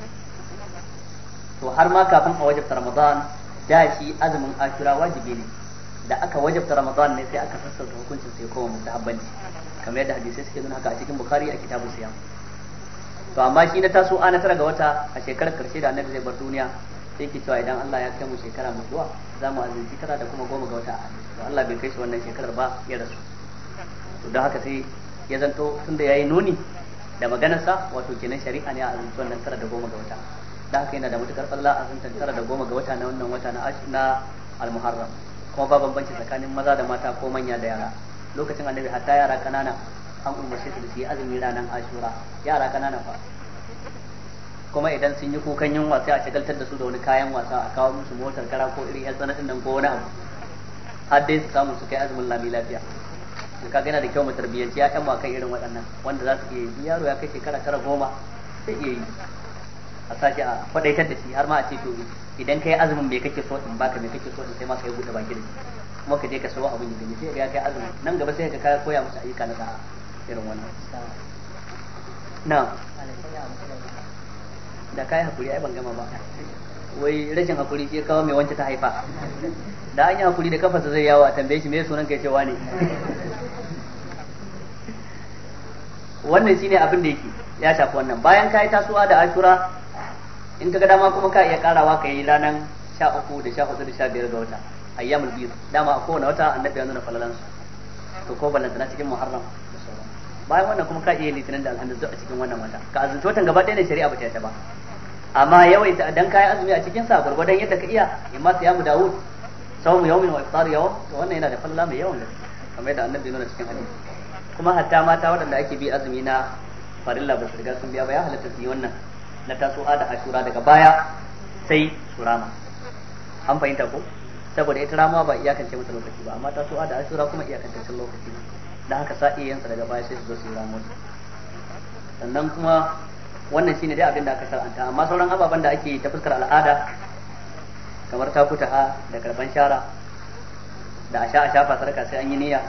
to har ma kafin a wajabta Ramadan da shi azumin Ashura wajibi ne da aka wajabta Ramadan ne sai aka sassauta hukuncin sai koma mustahabbanci kamar yadda hadisi suke nuna haka a cikin Bukhari a kitabu siyam to amma shi na taso ana tara ga wata a shekarar karshe da annabi zai bar duniya sai ke cewa idan Allah ya kai mu shekara zuwa za mu azurci tara da kuma goma ga wata to Allah bai kai shi wannan shekarar ba ya rasu to don haka sai ya zanto tunda yayi nuni da maganarsa wato kenan shari'a ne a azurci wannan tara da goma ga wata da haka yana da matukar falla a azurci tara da goma ga wata na wannan wata na na almuharram kuma ba bambanci tsakanin maza da mata ko manya da yara lokacin annabi hatta yara kanana an umarce su da su yi azumi ranar ashura yara kanana fa kuma idan sun yi kukan yunwa sai a shagaltar da su da wani kayan wasa a kawo musu motar kara ko irin yan sanadin nan ko wani abu har dai su samu su kai azumin lami lafiya to ka gina da kyau mu tarbiyyanci ya mu kan irin waɗannan wanda za su iya yi yaro ya kai shekara tara goma sai iya yi a sashi a faɗaitar da shi har ma a ce to idan kai azumin me kake so in baka me kake so in sai ma kai buɗe baki da shi kuma ka je ka sawo abin da sai ga kai azumin nan gaba sai ka kai koya musu ayyuka na irin wannan na'am da kai hakuri ai ban gama ba wai rashin hakuri shi kawo mai wancan ta haifa da an yi hakuri da kafarsa zai yawo a tambaye shi me sunan kai cewa ne wannan shine abin da yake ya shafi wannan bayan kai tasuwa tasowa da ashura in ka ga dama kuma ka iya karawa ka yi ranan sha uku da sha hudu da sha biyar ga wata ayyamul biyu dama a kowane wata annabi ya nuna falalansu to ko na cikin muharram bayan wannan kuma ka iya litinin da alhamdu a cikin wannan wata ka azumci watan gaba ɗaya ne shari'a ba ta yadda ba amma yawaita dan kayan azumi a cikin sa gurgurdan yadda ka iya imma siyamu daud sawmu yawmin wa iftar yawm to wannan yana da falla mai yawan gaske kamar yadda annabi nuna cikin hadisi kuma hatta mata waɗanda ake bi azumi na farilla ba su riga sun biya ba ya halatta su yi wannan na tasu'a da ashura daga baya sai su rama an fahimta ko saboda ita ramuwa ba iyakance mata lokaci ba amma tasu'a da ashura kuma iyakance lokaci ne da haka sa iya yansa daga baya sai su zo su yi ramuwar sannan kuma wannan shine dai abin da aka shar'anta amma sauran ababen da ake ta fuskar al'ada kamar takuta a da karban shara da a sha a shafa sarka sai an yi niyya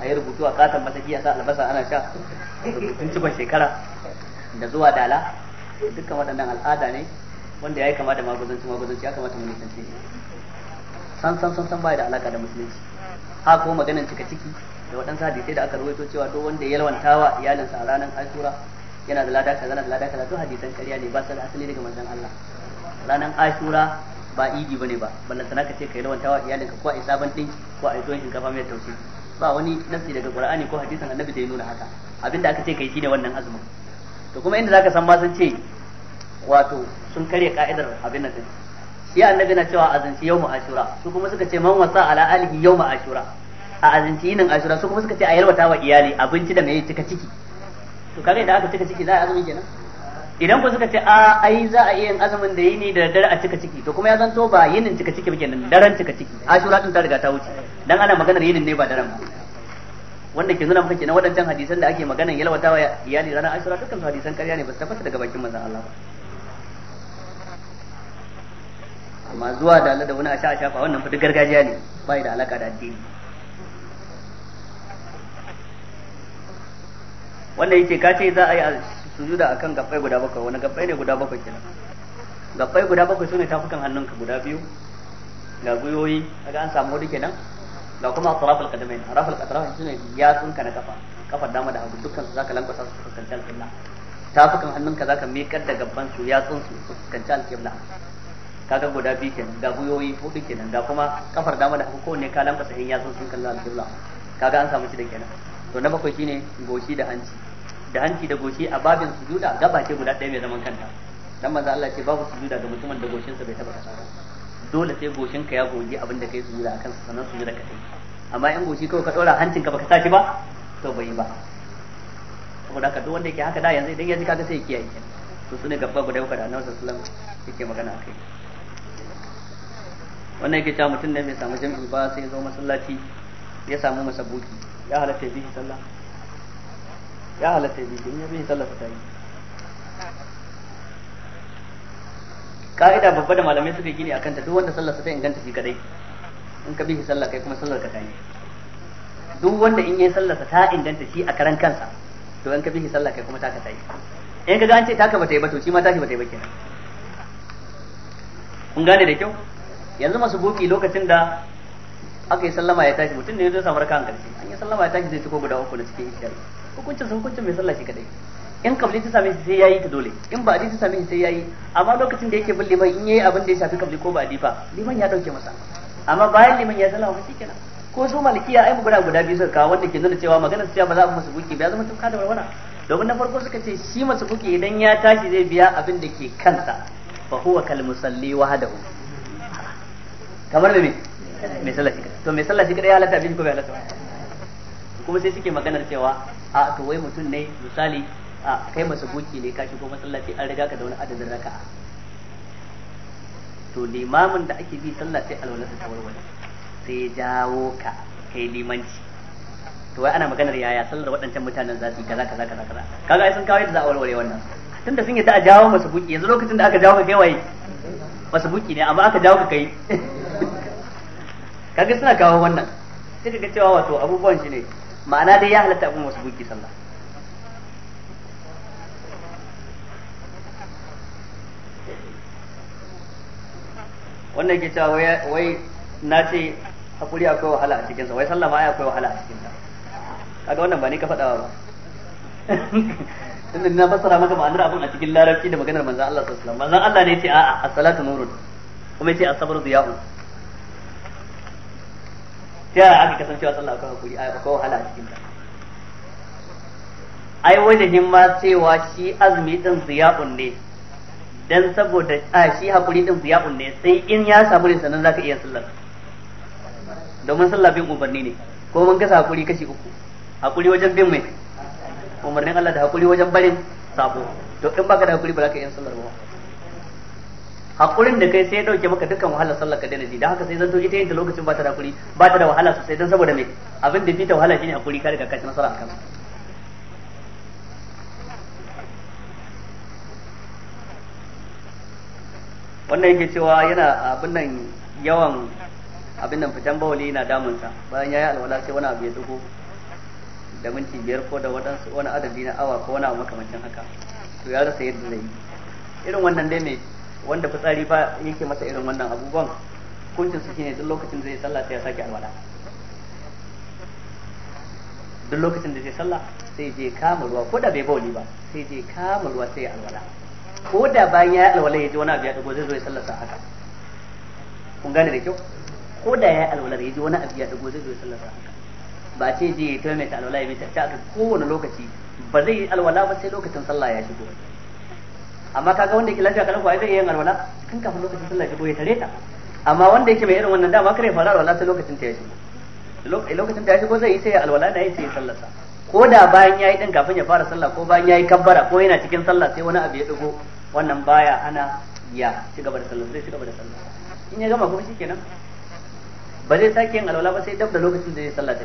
a yi rubutu a katon mataki a sa albasa ana sha rubutun ciban shekara da zuwa dala dukkan waɗannan al'ada ne wanda ya yi kama da magudanci magudanci ya kamata mu nisanci san san san san baya da alaka da musulunci ha ko maganin cika ciki da waɗansu hadisai da aka rawaito cewa to wanda ya wa iyalinsa a ranar ashura yana da lada kaza da lada kaza to hadisan ƙarya ne ba su da asali daga manzon Allah ranar ashura ba idi bane ba ballanta naka ka ce kai lawantawa iyalinka ko ai sabon din ko ai isoyin shinkafa mai tausi ba wani nafsi daga qur'ani ko hadisan annabi da ya nuna haka abinda aka ce kai shine wannan azumin to kuma inda zaka san ma sun ce wato sun karya ka'idar abin nan shi annabi na cewa azanci yawmu ashura su kuma suka ce man wasa ala alihi yawmu ashura a azinci yinin ashura su kuma suka ce a yalwata wa iyali abinci da mai cika ciki to kaga idan aka cika ciki za a azumi kenan idan ku suka ce a ai za a iya yin azumin da yini da dare a cika ciki to kuma ya zanto ba yinin cika ciki ba kenan daren cika ciki ashura din ta riga ta wuce dan ana maganar yinin ne ba daren ba wanda ke nuna maka kenan waɗancan hadisan da ake magana yalwata wa iyali ranar ashura dukkan hadisan ƙarya ne ba su tabbata daga bakin manzon Allah ba amma zuwa da Allah da wani a sha a shafa wannan fa duk gargajiya ne bai da alaka da addini wannan yake ka ce za a yi a sujuda akan gabbai guda bakwai wani gabbai ne guda bakwai kenan gabbai guda bakwai sune tafukan hannunka guda biyu ga guyoyi kaga an samu hudu kenan ga kuma atrafal qadamain atrafal qadamain sune yatsunka na kafa kafar dama da hagu dukkan su zaka lankwasa su fuskanci alƙibla tafukan hannunka zaka miƙar da gabban su yatsun su fuskanci alƙibla kaga guda biyu kenan ga guyoyi hudu kenan ga kuma kafar dama da hagu kowanne ka lankwasa in yatsun sun kalla alƙibla kaga an samu shi da kenan to na bakwai shine goshi da hanci da hanci da goshi a babin sujuda gaba ce guda ɗaya mai zaman kanta dan manzo Allah ce babu sujuda ga mutumin da sa bai taba kasa dole sai goshinka ya goge abin da kai sujuda akan sa sannan sujuda ka kai amma in goshi kawai ka dora hancin ka baka tashi ba to bai ba saboda haka duk wanda yake haka da yanzu idan ya ji kaga sai ya kiyaye to sune gaba guda uku da Annabi sallallahu alaihi wasallam yake magana akai wannan yake cewa mutum ne bai samu jami'i ba sai ya zo masallaci ya samu masabuki ya halatta bihi sallah ya halatta ya bi in ya bi ta yi ka'ida babba da malamai suka gini akan ta duk wanda sallar ta inganta shi kadai in ka bi shi sallah kai kuma sallar ka ta yi duk wanda in yi sallar ta inganta shi a karan kansa to in ka bi shi sallah kai kuma ta ka ta yi in ka ga an ce taka bata yi ba to shi ma tashi bata yi ba kenan kun gane da kyau yanzu masu buki lokacin da aka yi sallama ya tashi mutum ne ya zo samar kan karshe an yi sallama ya tashi zai ci ko guda uku na cikin ishirin hukuncin hukuncin mai sallah shi kadai in kabli ta same shi sai yayi ta dole in ba ta same shi sai yayi amma lokacin da yake bin liman in yayi abin da ya shafi kabli ko ba ba liman ya dauke masa amma bayan liman ya sallama shi kenan ko su malikiya ai magana guda biyu suka kawo wanda ke nuna cewa maganar cewa ba za a musu buki ba zama tun kada warwara domin na farko suka ce shi masu buki idan ya tashi zai biya abin da ke kansa fa huwa kal musalli wahdahu kamar da me mai sallah shi kadai to mai sallah shi kadai ya halatta bin ko bai halatta kuma sai suke maganar cewa a to wai mutum ne misali a kai masa buki ne ka shigo masallaci an riga ka da wani adadin raka'a to limamin da ake bi sallah sai alwala ta warware sai jawo ka kai limanci to wai ana maganar yaya sallar waɗancan mutanen za su yi kaza kaza kaza kaza kaga ai sun kawo yadda za a warware wannan tunda sun yi ta a jawo masa buki yanzu lokacin da aka jawo ka kai waye masa buki ne amma aka jawo ka kai kaga suna kawo wannan sai ka ga cewa wato abubuwan shi ne ma'ana dai ya halatta abin wasu buki sallah wannan ke cewa wai na ce hakuri akwai wahala a cikinsa wai sallah ma akwai wahala a cikinsa kaga wannan ba ni ka faɗawa ba tunda na fassara maka ma'anar abin a cikin larabci da maganar manzan Allah sallallahu alaihi wasallam manzan Allah ne ya ce a'a as-salatu nurun kuma ya ce as-sabru diya'un ta yaya aka sallah hakuri akwai wahala a cikin ta ai ma cewa shi azumi din ziya'un ne dan saboda a shi hakuri din ziya'un ne sai in ya samu ne sannan zaka iya sallar domin sallah bin umarni ne ko mun kasa hakuri kashi uku hakuri wajen bin mai umarnin Allah da hakuri wajen barin sabo to in baka da hakuri ba za ka iya sallar ba hakurin da kai sai ya dauke maka dukkan wahalar sallar ka daina ji dan haka sai zanto ita yin ta lokacin ba ta da hakuri ba ta da wahala sosai dan saboda me abin da fita wahala shine hakuri ka riga ka ci nasara akan wannan yake cewa yana abin nan yawan abin nan fitan bawali na damunsa bayan ya yi alwala sai wani abu ya dugo da minti biyar ko da waɗansu wani adadi na awa ko wani abu makamancin haka to ya rasa yadda zai yi irin wannan dai mai wanda fitsari ba yake masa irin wannan abubuwan hukuncin su shine duk lokacin da zai sallah sai ya sake alwala duk lokacin da zai sallah sai je kama ruwa ko da bai bawli ba sai je kama ruwa sai ya alwala ko da bayan ya alwala ya ji wani abu ya dago zai zo ya sallah sa haka kun gane da kyau ko da ya alwala ya ji wani abu ya dago zai zo ya sallah sa haka ba ce je ya ta alwala ya bi ta ta kowane lokaci ba zai yi alwala ba sai lokacin sallah ya shigo amma kaga wanda yake lafiya kalan kwaye zai iya yin alwala tun kafin lokacin sallah ya ko ya tare ta amma wanda yake mai irin wannan dama kare fara alwala sai lokacin ta ya shigo eh, lokacin ta ya shigo zai yi sai alwala da yi sai sa ko da bayan yayi din kafin ya fara sallah ko bayan yayi kabbara ko yana cikin sallah sai wani abu ya dugo wannan baya ana ya ci gaba da sallah sai ci gaba da sallah in ya gama kuma shikenan ba zai sake yin alwala ba sai dab da lokacin da zai sallah ta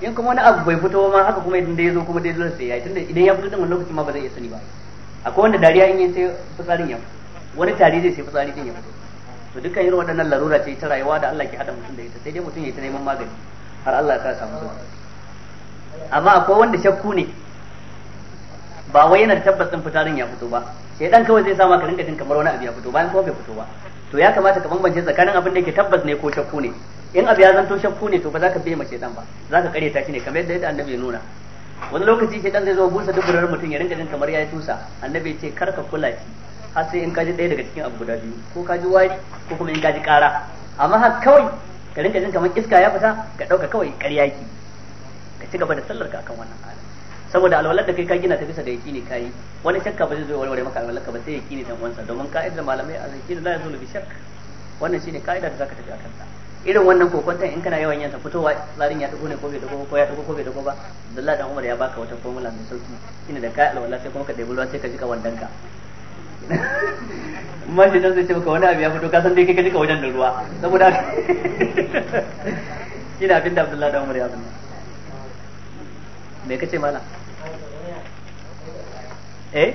biyu in kuma wani abu bai fito ma haka kuma idan da ya zo kuma dai dole sai yayi tunda idan ya fito din wannan lokacin ma ba zai iya sani ba akwai wanda dariya in yi sai fitsarin ya fito wani tari zai sai fitsari din ya fito to dukkan irin waɗannan larura ce ta rayuwa da Allah ke hada mutum da ita sai dai mutum ya ta neman magani har Allah ya samu sauki amma akwai wanda shakku ne ba wai yana tabbas din fitsarin ya fito ba sai dan kawai zai sa maka rinka jin kamar wani abu ya fito bayan kuma bai fito ba to ya kamata ka bambance tsakanin abin da ke tabbas ne ko shakku ne in abu ya zanto shakku ne to ba za ka bai mace dan ba za ka kare ta shi ne kamar yadda annabi ya nuna wani lokaci shi dan zai zo busa duburar mutum ya rinka jin kamar ya yi tusa annabi ce kar ka kula shi har sai in kaji ɗaya daga cikin abu guda biyu ko kaji wari ko kuma in kaji ƙara amma har kawai ka rinka jin kamar iska ya fita ka ɗauka kawai ƙarya ki ka ci gaba da sallar ka akan wannan hali saboda alwalar da kai ka gina ta bisa da yaki ne yi, wani shakka ba zai zo warware maka alwalar ka ba sai yaki ne dan uwansa domin ka'idar malamai a zaki da la yazulu bi shakk wannan shine ka'idar da zaka tafi akan ta irin wannan kokonton in kana yawan yanta fitowa zarin ya dugo ne ko bai dugo ko ya dugo ko bai dugo ba dalla dan Umar ya baka wata formula mai sauki Kina da kai alwala sai kuma ka debi ruwa sai ka jika wandanka man shi dan zai ce maka wani abu ya fito ka san dai kai ka jika wajen da ruwa saboda shine abin da abdullahi dan Umar ya abin me kace mala eh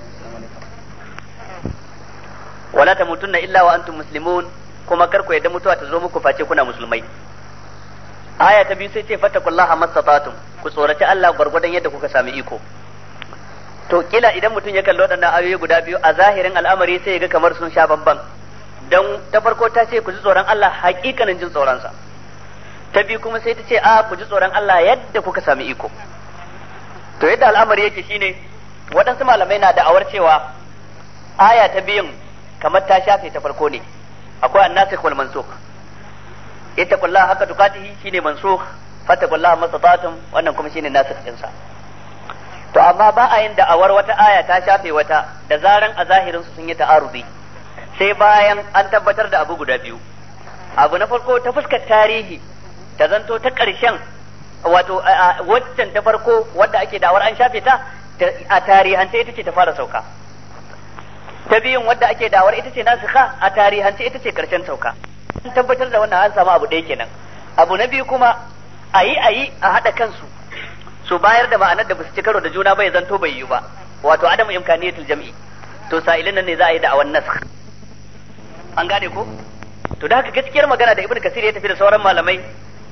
wala mutunna illa wa antum muslimun kuma kar ku yadda mutuwa ta zo muku face kuna musulmai aya ta biyu sai ce fattakullaha mastata'tum ku tsoraci Allah gwargwadon yadda kuka sami iko to kila idan mutum ya kalli waɗannan ayoyi guda biyu a zahirin al'amari sai ya ga kamar sun sha bamban dan ta farko ta ce ku ji tsoron Allah hakikanin jin tsoronsa ta biyu kuma sai ta ce a ku ji tsoron Allah yadda kuka sami iko to yadda al'amari yake shine waɗansu malamai na da'awar cewa aya ta biyun kamar ta shafe ta farko ne akwai annasikh wal mansukh kullaha haka dukatihi shine mansukh kullaha mastata'tum wannan kuma shine nasikh din sa to amma ba a yin da'awar wata aya ta shafe wata da zaran a zahirin su sun yi ta'arudi sai bayan an tabbatar da abu guda biyu abu na farko ta fuskar tarihi ta zanto ta ƙarshen wato waccan ta farko wadda ake da'awar an shafe ta a tarihance ita ce ta fara sauka ta biyun wadda ake dawar ita ce nasikha a tarihance ita ce karshen sauka an tabbatar da wannan an samu abu ɗaya kenan abu na biyu kuma ayi ayi a haɗa kansu su bayar da ma'anar da basu ci karo da juna ba ya zanto bai yiwu ba wato adam imkaniyatul jam'i to sa'ilin nan ne za a yi awan nasikh an gane ko to da haka gaskiyar magana da ibn kasir ya tafi da sauran malamai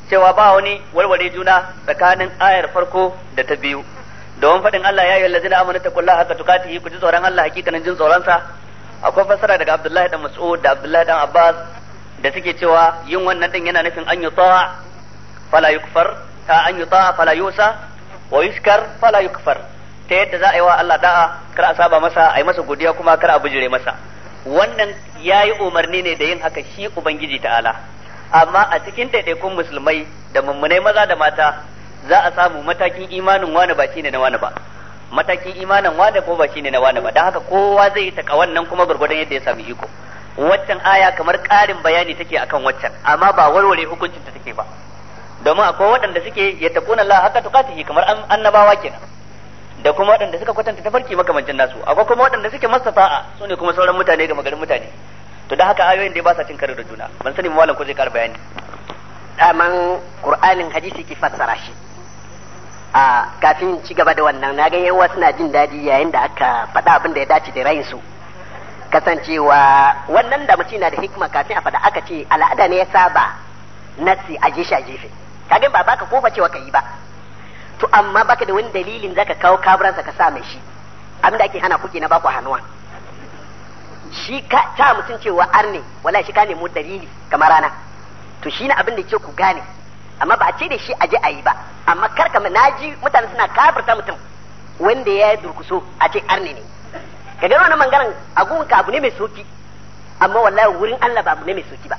cewa ba wani walwale juna tsakanin ayar farko da ta biyu don faɗin Allah ya yi allazina amanu kulla haka tuqatihi ku ji tsoron Allah hakikanin jin tsoron sa akwai fassara daga Abdullahi dan Mas'ud da Abdullahi dan Abbas da suke cewa yin wannan din yana nufin an yuta fala yukfar ta an yuta fala yusa wa yuskar fala yukfar ta yadda za a yi wa Allah da'a kar a saba masa a yi masa godiya kuma kar a bujire masa wannan ya yi umarni ne da yin haka shi ubangiji ta'ala amma a cikin ɗaiɗaikun musulmai da mummunai maza da mata za a samu matakin imanin wane ba shine na wane ba matakin imanin wane ko ba shine na wane ba dan haka kowa zai yi taka wannan kuma gurgurdan yadda ya sami iko waccan aya kamar ƙarin bayani take akan waccan amma ba warware hukuncin ta take ba domin akwai waɗanda suke ya taquna Allah haka tuqatihi kamar annabawa kenan da kuma waɗanda suka kwatanta tafarki makamancin nasu akwai kuma waɗanda suke mastafa'a su ne kuma sauran mutane ga magarin mutane to da haka ayoyin da ba sa cin karo da juna ban sani malam ko zai ƙara bayani daman qur'anin hadisi ke fassara shi a kafin ci gaba da wannan na ga yawa suna jin daɗi yayin da aka faɗa abin da ya dace da rayinsu kasancewa wannan da mutum na da hikima kafin a faɗa aka ce al'ada ne ya saba nasi a jeshi a jefe kaga ba baka kofa cewa ka yi ba to amma baka da wani dalilin zaka kawo kaburansa ka sa mai shi abinda ake hana kuke na baku hannuwa shi ka ta mutum cewa arne wala shi ka nemo dalili kamar rana to shine abin da ke ku gane amma ba a ce da shi aje a yi ba amma karka ji mutane suna kafirta mutum wanda ya durkuso a ce arne ne ka wani wannan mangaran agun ka abu ne mai soki amma wallahi wurin Allah ba abu ne mai soki ba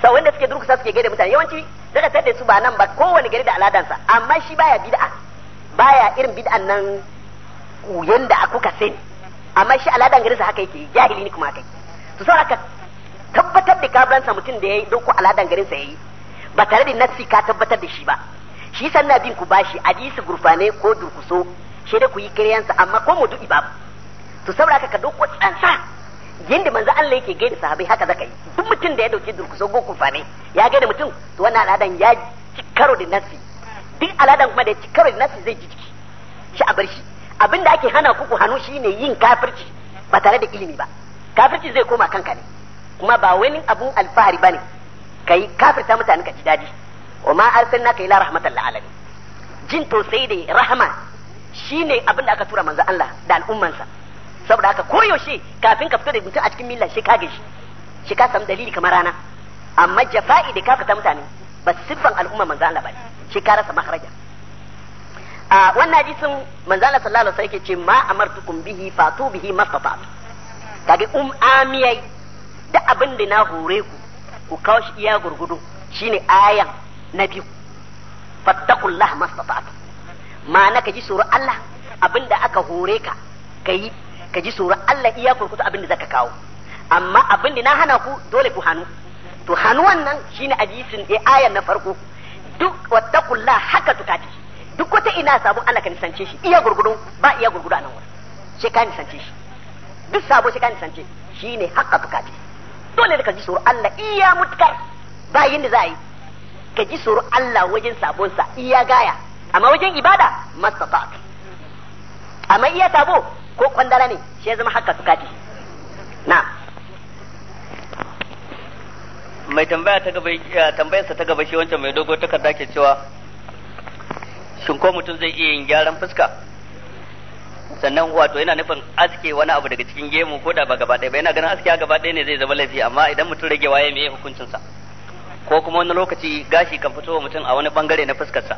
sa wanda suke durkusa suke gaida mutane yawanci daga tare su ba nan ba kowane gari da aladansa amma shi baya bid'a baya irin bid'an nan yanda ka sani amma shi aladan garinsa haka yake jahili ne kuma haka to saboda tabbatar da kafiransa mutum da ya yi dauko aladan garin sa yi ba tare da nassi ka tabbatar da shi ba shi san na bin ku bashi hadisi gurfane ko durkuso shi da ku yi kiryansa amma ko mu dubi babu to saboda haka ka dauko tsansa yanda manzo Allah yake gaida sahabbai haka zaka yi duk mutum da ya dauke durkuso ko gurfane ya gaida mutum to wannan aladan ya ci karo da nassi duk aladan kuma da ya ci karo da nassi zai ji jiki shi a bar shi abinda ake hana ku ku hannu shine yin kafirci ba tare da ilimi ba kafirci zai koma kanka ne kuma ba wani abun alfahari bane kai kafirta mutane ka ji daɗi wa ma arsalnaka ila rahmatan lil alamin jin tausayi da rahama shine abin da aka tura manzo Allah da al'ummansa saboda haka koyaushe kafin ka fito da mutum a cikin milla shi kage shi shi ka samu dalili kamar rana amma jafa'i da kafirta mutane ba siffan al'umma manzo Allah bane shi ka rasa maharaja a wannan hadisin manzo Allah sallallahu alaihi wasallam yake ce ma amartukum bihi fatu bihi mastata'tu kage um amiyai duk abin da na hore ku ku kawo shi iya gurgudu shine ayan na biyu fattakullah mastata'at ma'ana ka ji tsoron Allah abin da aka hore ka ka yi ka ji tsoron Allah iya gurgudu abin da zaka kawo amma abin da na hana ku dole ku hannu to hannu wannan shine hadisin da eh, ayan na farko duk wattakullah haka tukati duk wata ina sabon Allah ka nisance shi iya gurgudu ba iya gurgudu a nan sai ka nisance shi duk sabo sai ka nisance ne haka tukati dole ka ji tsoro Allah iya mutkar bayin da za a yi ka ji tsoro Allah wajen sabonsa iya gaya amma wajen ibada mastata amma iya tabo ko kwandala ne shi ya zama haka sukati na mai tambaya ta gaba eh, tambayarsa ta gaba shi wancan mai dogo takarda ke cewa shin ko mutum zai iya yin gyaran fuska sannan wato yana nufin aske wani abu daga cikin gemu ko da ba gaba ɗaya ba yana ganin aske gaba ɗaya ne zai zama laifi amma idan mutum rage waye me hukuncin sa ko kuma wani lokaci gashi kan fito mutum a wani bangare na fuskar sa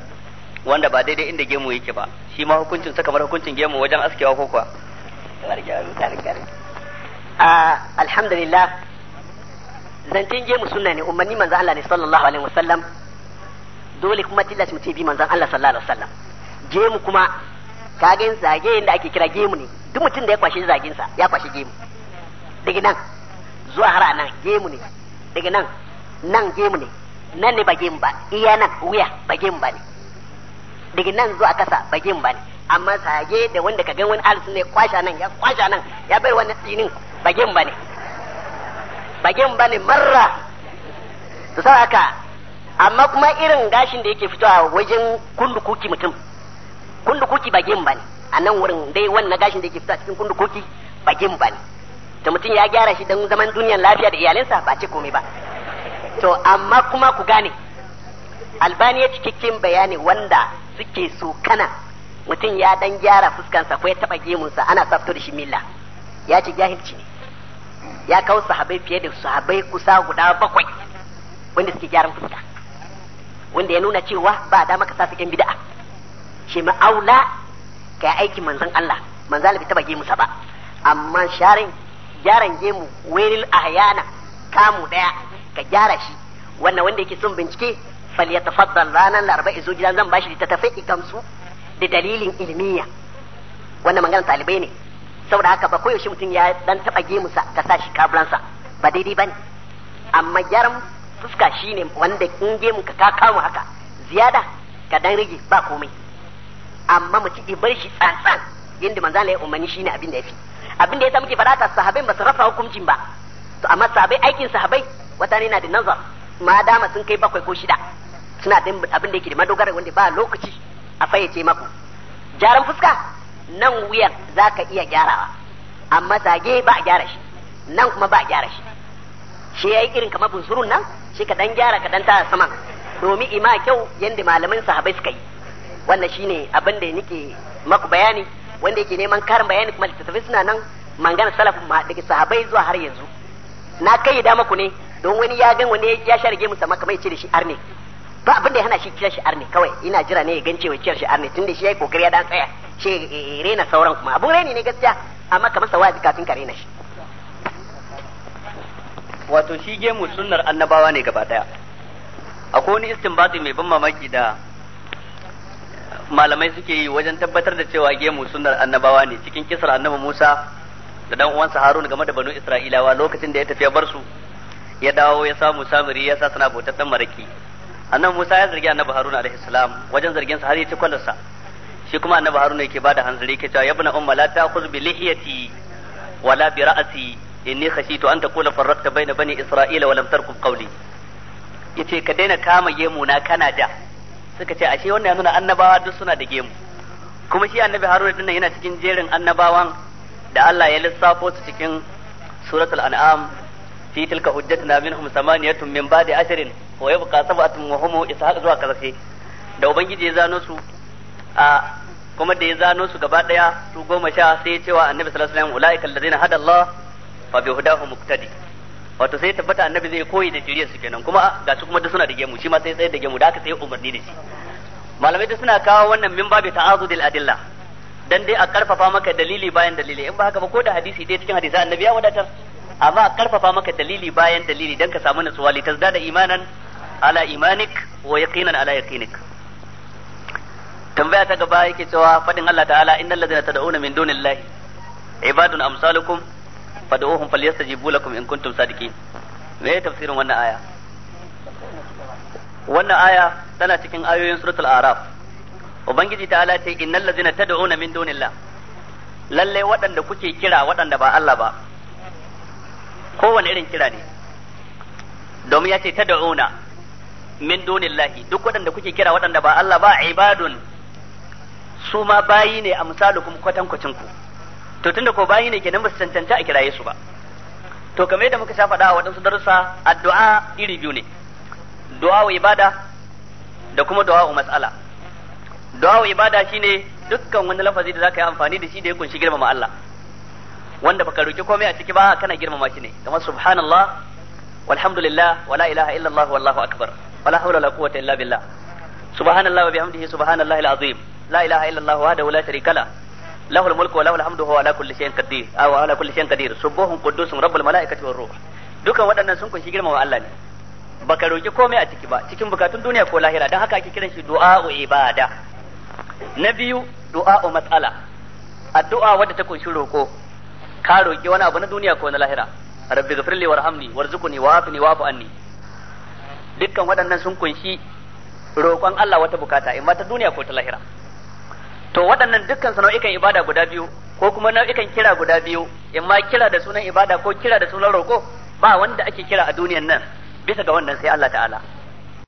wanda ba daidai inda gemu yake ba shi ma hukuncin sa kamar hukuncin gemu wajen askewa ko kuwa alhamdulillah zancen gemu sunna ne umarni manzon Allah ne sallallahu alaihi wasallam dole kuma tilas mutum bi manzan Allah sallallahu alaihi wasallam gemu kuma kagin zage inda ake kira gemu ne duk mutum da ya kwashe zagin sa ya kwashe gemu daga nan zuwa har nan gemu ne daga nan nan gemu ne nan ne ba gemu ba iya nan wuya ba gemu ba ne daga nan zuwa kasa ba gemu ba ne amma zage da wanda ka gan wani alisu ne kwasha nan ya kwasha nan ya bai wani tsinin ba gemu ba ne ba gemu ba ne marra to sai haka amma kuma irin gashin da yake fitowa wajen kuki mutum kundukoki ba gemu bane a nan wurin dai wannan gashin da yake fita cikin kundukoki ba gemu bane to mutum ya gyara shi don zaman duniyar lafiya da iyalinsa ba ce komai ba to amma kuma ku gane albani ya cikakken bayani wanda suke so kana mutum ya dan gyara fuskansa ko ya taba gemunsa ana sa da shi milla ya ce jahilci ne ya kawo sahabai fiye da sahabai kusa guda bakwai wanda suke gyaran fuska wanda ya nuna cewa ba dama ka sa su bid'a shi ma aula kai aikin manzon Allah manzan Allah bai taba gemu sa ba amma sharin gyaran gemu wailil ahyana kamu daya ka gyara shi wannan wanda yake son bincike fal falyatafaddal ranar laraba izo gidan zan bashi littattafai ikamsu da dalilin ilmiya wannan magana talibai ne saboda haka ba koyaushe mutum ya dan taba gemu sa ka sa shi sa ba daidai bane amma gyaran fuska shine wanda in gemu ka ka kama haka ziyada ka dan rige ba komai amma mu ciki bar shi tsantsan yadda manzo Allah ya umarni shine abin da yafi abin da yasa muke fada ta sahabbai ba su rafa hukuncin ba to amma sahabbai aikin sahabai, wata ne na da nazar ma dama sun kai bakwai ko shida suna da abin da yake da madogara wanda ba lokaci a fayyace maku jaran fuska nan wuyan za ka iya gyarawa amma zage ba a gyara shi nan kuma ba a gyara shi shi yi irin kamar bunsurun nan shi ka dan gyara ka dan tara saman domin ima kyau yadda malamin sahabai suka yi wannan shine abin da nake maku bayani wanda yake neman karin bayani kuma littattafai suna nan mangana salafin ma daga sahabai zuwa har yanzu na kai dama ku ne don wani ya gan wani ya sharge musa kamar ya ce da shi arne ba abin da ya hana shi kira shi arne kawai ina jira ne ya gan cewa kira shi arne tunda shi ya yi kokari ya dan tsaya shi rena sauran kuma abun reni ne gaskiya amma kamar sa wazi kafin ka rena shi wato shi gemu sunnar annabawa ne gaba daya akwai wani istin mai ban mamaki da malamai suke yi wajen tabbatar da cewa gemu sunnar annabawa ne cikin kisar annabi Musa da dan uwansa Harun game da banu Isra'ilawa lokacin da ya tafi ya bar su ya dawo ya samu samuri ya sa suna bautar maraki annabi Musa ya zargi annabi Harun alaihi salam wajen zargin sa har ya ci kwallarsa shi kuma annabi Harun yake bada hanzari ke cewa yabna umma la ta'khudh bi lihiyati wala bi ra'si inni khashitu an taqula farraqta bayna bani Isra'ila wa lam tarkub qawli yace ka daina kama gemu na kana da suka ce ashe wannan ya nuna annabawa duk suna da gemu kuma shi annabi haruna dinnan yana cikin jerin annabawan da Allah ya lissafo su cikin suratul an'am fi tilka hujjatuna minhum samaniyatun min ba'di asrin wa yabqa sab'atun wa hum ishaq zuwa kazafe da ubangiji ya zano su a kuma da ya zano su gaba daya su goma sha sai ya cewa annabi sallallahu alaihi wasallam ulaika alladhina hada Allah fa bi hudahum muqtadi wato sai tabbata annabi zai koyi da jiriyar su kenan kuma ga su kuma da suna da gemu shi ma sai tsayar da gemu da aka sai umarni da shi malamai da suna kawo wannan min babu ta'azudil adilla dan dai a karfafa maka dalili bayan dalili in ba haka ba ko da hadisi dai cikin hadisi annabi ya wadatar amma a karfafa maka dalili bayan dalili dan ka samu nutsuwa li tazdada imanan ala imanik wa yaqinan ala yaqinik tambaya ta gaba yake cewa fadin Allah ta'ala innal ladzina tad'una min dunillahi ibadun amsalukum fad'uhum falyastajibu lakum in kuntum sadiqin me ya tafsirin wannan aya wannan aya tana cikin ayoyin suratul araf ubangiji ta ce innal ladzina tad'una min dunillah lalle waɗanda kuke kira waɗanda ba Allah ba Kowanne irin kira ne domin yace ce tad'una min dunillahi duk waɗanda kuke kira waɗanda ba Allah ba ibadun su ma bayi ne a misalukum kwatankwacinku to tunda ko bayi ne kenan ba su cancanta a kiraye su ba to kamar yadda muka sha faɗa a waɗansu darussa addu'a iri biyu ne du'a wa ibada da kuma du'a wa mas'ala du'a wa ibada shine dukkan wani lafazi da zaka yi amfani da shi da ya kunshi girmama Allah wanda baka roki komai a ciki ba kana girmama shi ne kamar subhanallah walhamdulillah wala ilaha illallah wallahu akbar wala hawla wala quwwata illa billah subhanallah wa bihamdihi subhanallahi alazim la ilaha illallah wahdahu la sharika lahu له الملك وله الحمد وهو على كل شيء قدير او على كل شيء قدير سبوح قدوس رب الملائكه والروح dukan waɗannan sun kunshi girmama Allah ne baka roki komai a ciki ba cikin bukatun duniya ko lahira dan haka ake kiran shi du'a'u ibada na biyu du'a'u mas'ala addu'a wadda ta kunshi roko ka roki wani abu na duniya ko na lahira rabbi ghfirli warhamni warzuqni wa'afini wa'fu anni dukkan waɗannan sun kunshi roƙon Allah wata bukata imma ta duniya ko ta lahira to waɗannan dukkan su nau'ikan ibada guda biyu ko kuma nau'ikan kira guda biyu ma kira da sunan ibada ko kira da sunan roko ba wanda ake kira a duniyan nan bisa ga wannan sai Allah ta'ala